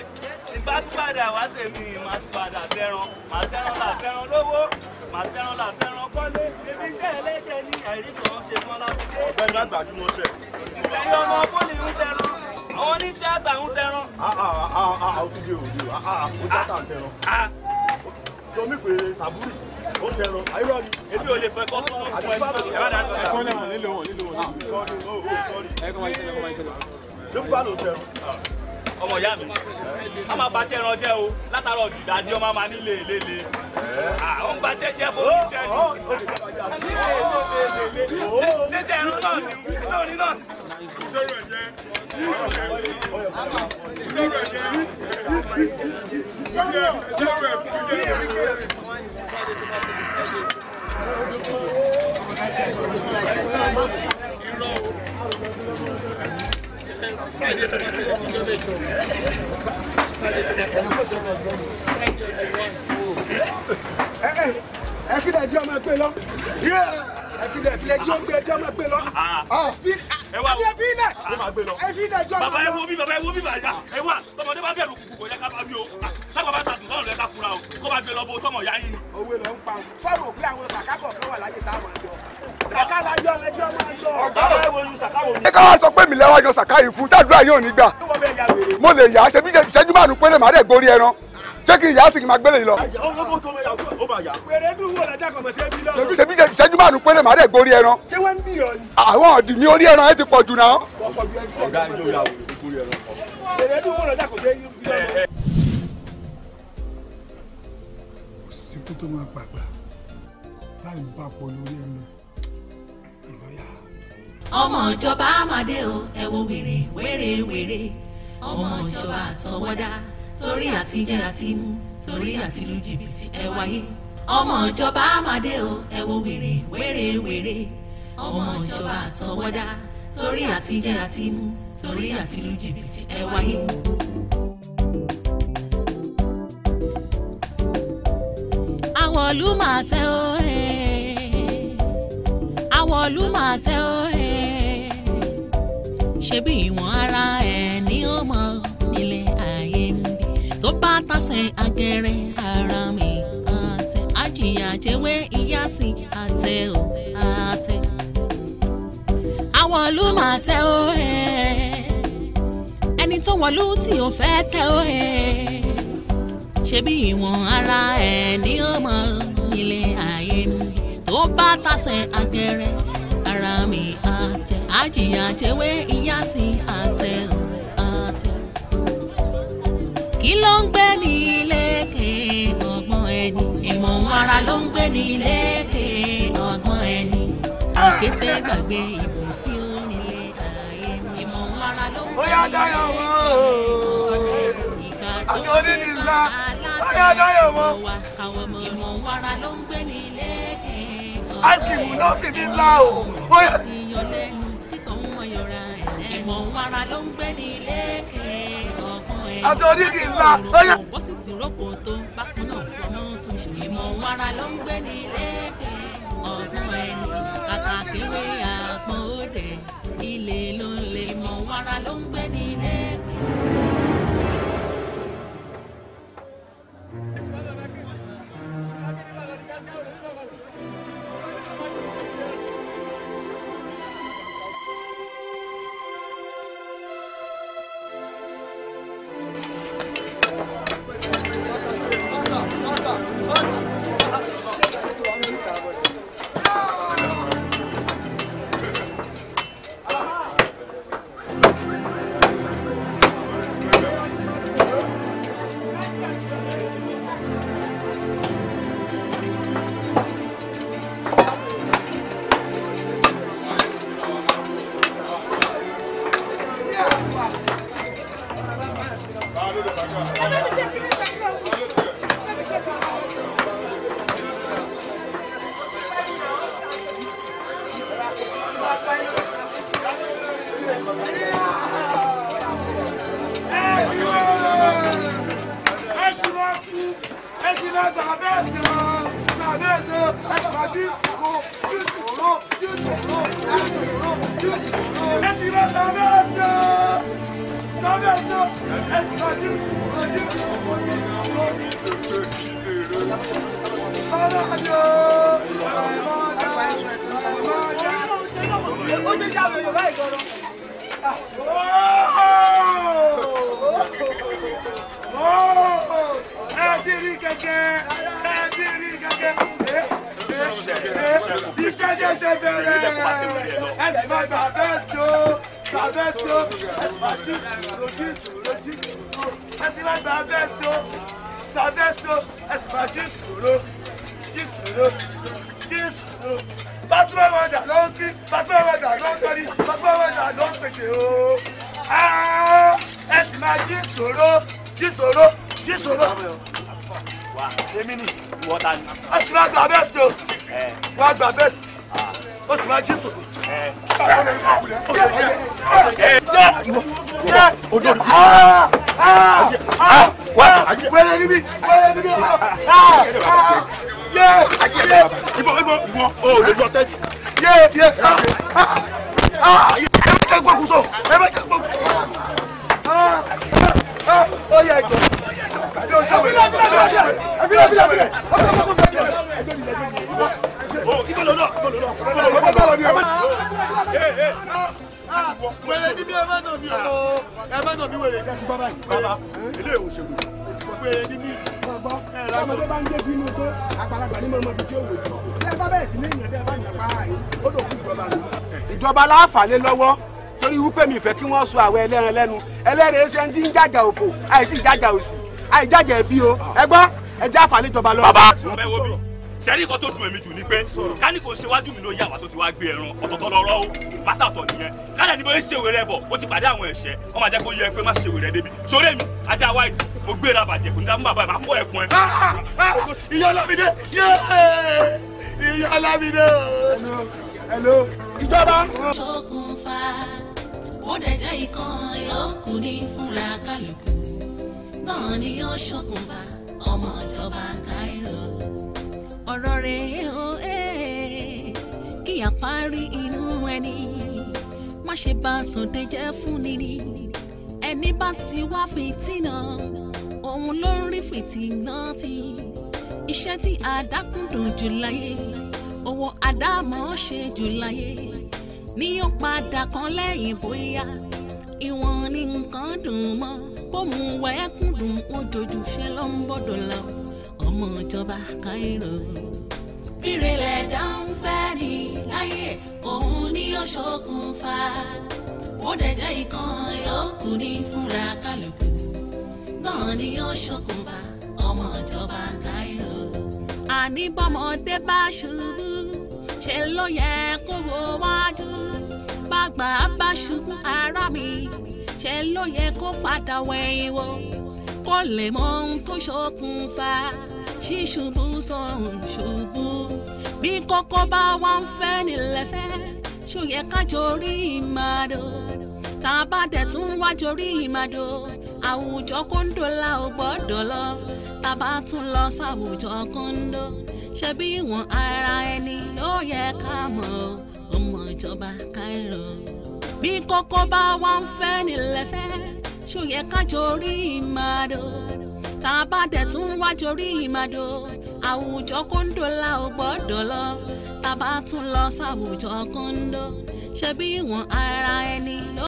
bá padà wá tèmi má padà fẹ́ràn má fẹ́ràn là fẹ́ràn lówó má fẹ́ràn là fẹ́ràn kọ́lé ebi jẹ́ ẹlẹ́jẹ̀ ní àìrí kan ṣe fún ọlásìkò. ọ̀gbẹ́ni àgbà jùmọ̀ sẹ̀. ìfẹ̀yìn ọmọ bólì ń tẹran àwọn ní tíátà ń tẹran. òkúde òde ó tíátà ń tẹran. sọmi pé sàbúrì ó tẹran ayélujára ni. ebi ò lè fẹ́ kọ́ tó ń fún ẹ sọ́ọ̀tì ẹ̀rọ àti ẹ̀kọ́ náà nílò wọn nílò wọn. ẹ̀kọ́ máa ń ṣẹlẹ̀ ẹ̀kọ́ máa ń ṣẹlẹ̀. ló bá lò tẹran ọmọ ìyá mi a máa bá ṣẹ́ran jẹ́ o látara ọ̀dùdà ni ọmọ máa nílé lélẹ̀ àwọn bá ṣẹ́ jẹ́ fún oníṣẹ́ ni ṣíṣe ẹran náà ni sórí náà. ìṣòro ẹ̀jẹ̀ ẹ fi dẹ̀ jí ọmọ ẹgbẹ́ lọ ẹ fi dẹ̀ filẹ̀ jí ọmọ ẹgbẹ́ ọmọ ẹgbẹ́ lọ ẹ wá o ẹ fi ilẹ̀ ẹ fi ilẹ̀ jọ ọmọ lọ. bàbá ẹ wo bí bàbá ẹ wo bí bàbá ẹ wá tọmọdé bá bẹ̀rù kùkù kò yẹ ká bá wí o sábà bá ta dùn sọ̀rọ̀ lẹ ká fura o kó bá gbé lọ bó tọmọ yá yín owó ló ń pa fọ́ọ̀mù pé àwọn kàkà kọ̀ọ̀kan wà láyé táwọn àjọ ẹ ká wá sọ pé mi lẹ́wọ́ yan sàká fún tàdúrà yóò ní gbà mo lè yà á ṣe bí ìṣẹ́jú márùn-ún péré màá dẹ̀ gorí ẹran ṣé kí n yà máa gbélé yìí lọ. ṣe ìṣẹ́jú márùn-ún péré màá dẹ̀ gorí ẹran. àwọn ọ̀dì ní orí ẹran ẹ ti pọ̀ jù náà. kò sí kó tó máa gbàgbà táì ń bá pọ̀ lórí ẹran ọmọ ìjọba àmàdé o ẹ wo wèrè wèrè wèrè ọmọ ìjọba àtọwọ́dá torí àtijẹ àtimú torí àtilu jìbìtì ẹ wáyé ọmọ ìjọba àmàdé o ẹ wo wèrè wèrè wèrè ọmọ ìjọba àtọwọ́dá torí àtijẹ àtimú torí àtilu jìbìtì ẹ wáyé. àwọ̀lú máa tẹ ó ẹ̀ àwọ̀lú máa tẹ ó ẹ̀ ṣe bí ìwọ̀n ara ẹni ọmọ nílé ayé ń bí tó bá tàsẹ̀ agẹrẹ ara mi àtẹ àjìyà jẹwé ìyá sí àtẹ ò àtẹ àwọn ìlú máa tẹ ó ẹ ẹni tó wọlú tí ò fẹ́ tẹ ó ẹ ṣe bí ìwọ̀n ara ẹni ọmọ nílé ayé ń bí tó bá tàsẹ̀ agẹrẹ ara mi àtẹ àjìyà àtẹwé ìyá sí àtẹ àtẹ. kí ló ń gbé ní lékè ọgbọ́n ẹni ìmọ̀ ara ló ń gbé ní lékè ọgbọ́n ẹni òkété gbàgbé ìbò sí onílé ayé ìmọ̀ ara ló ń gbé ní lékè ọgbọ́n ẹni ìgbà tó ń gbé bá aláàbò wa káwọn ọmọ ìmọ̀ ara ló ń gbé ní ice cream náà fi mí lá o. ó ti yọ lẹ́nu nítorí wọn yọra ẹ̀mọ̀ wàrà ló ń gbé ní ilé kẹ̀ẹ́ ọ̀kan ẹ̀. àti oníkì ńlá ó yà. sì ti rọ́pò tó bákan náà ọmọ tó ṣe. ẹ̀mọ̀ wàrà ló ń gbé ní ilé kẹ̀ẹ́ ọ̀kan ẹ̀ kàkà kéwé àpọ̀n ó ilé ló ń lè mọ̀ wàrà ló ń gbé ní wẹ̀rẹ̀ ní bí ẹ má nà mí o ẹ má nà mí ti bá báyìí. bàbá ilé ìwòsàn wẹ̀rẹ̀ ní bí gbọ́ ọmọdé bá ń gbé bínú tó àgbàlagbà ní mọ́mọ́ ibi tí ó wò sí. ẹ bá bẹ́ẹ̀ sí ní ìyẹn tẹ́ ẹ bá yàn pa àyè ó lò kú ìjọba lò. ìjọba láǹfààní lọ́wọ́ torí wípé mi fẹ́ kí wọ́n sọ àwọn ẹlẹ́ran lẹ́nu ẹlẹ́rìí ṣe ń dín jájà òfò àìsí jájà òsì àìjájà ẹbí o ẹ gbọ́ ẹ ìjọba lọ. bàbá mo fẹ́ wo bí sẹ́rí nǹkan tó dùn èmi jù ni pé ká kò ṣèwájú mi ló yà wá tó ti wá gbé ẹran ọ̀tọ̀ọ̀tọ̀ lọ́rọ́ o bàtà ọ̀tọ̀ nìyẹn kálẹ̀ ní bóyá ṣèwé rẹ bọ̀ ó ti pàdé àwọn ẹ̀ṣẹ̀ ọmọ ajá kó yẹ pé má ṣèwé rẹ débi ṣoré mi ajá wáìtì mo gbé ra bàjẹ́ kò ní dáhùn bàbá ẹ̀ máa fọ́ ẹ̀kún ẹ̀. Ah, ah, ah, ìyá ọlámídé ìyá ọlámídé. hello ìjọba. ṣokùnfà ó dẹ̀ jẹ́ ìkan ọ̀rọ̀ rẹ̀ ó ẹ́ eh. kí àparí inú ẹni má ṣe bá tòde jẹ́ fún ni ni ẹni bá ti wá fìtínà òun ló ń rí fìtínà ti iṣẹ́ tí àdákùndùn jù láyé owó àdámọ́ ṣe jù láyé ní ó padà kan lẹ́yìn bóyá ìwọ̀n ni nǹkan dùn mọ́ bóun wẹ́ẹ́kùn dùn ó jojú ṣe ló ń bọ́dọ̀ lọ ọmọ ìjọba Cairo. ìrẹ̀lẹ̀ dáhùn fẹ́ ni láyé òun ni ó ṣokùnfà ó dẹ̀ jẹ́ ìkan yòókù ní fúnra kálukú náà ni ó ṣokùnfà ọmọ ìjọba Cairo. àní bọ́mọdé bá ṣubú ṣe ló yẹ kó wo wájú bàgbà bá ṣubú ara mi ṣe ló yẹ kó padà wẹ̀yìn wò kó lè mọ ohun tó ṣokùnfà ṣíṣubú tó ń ṣubú bí kókó bá wá ń fẹ́ nílẹ̀ fẹ́ ṣó yẹ ká jorí ìmàdó tá a bá dẹ̀ tún wá jorí ìmàdó àwùjọ kóńdó la ò gbọ́dọ̀ lọ tá a bá tún lọ sáwùjọ kóńdó ṣebí ìwọ̀n ara ẹni ló yẹ ká mọ̀ ọmọ ìjọba Cairo bí kókó bá wá ń fẹ́ nílẹ̀ fẹ́ ṣó ká jorí ìmàdó tá a bá dẹ̀ tún wá jorí ìmàdò àwùjọ kóńdó la ò gbọ́dọ̀ lọ tá a bá tún lọ sáwùjọ kóńdó ṣebí ìwọ̀n ara ẹni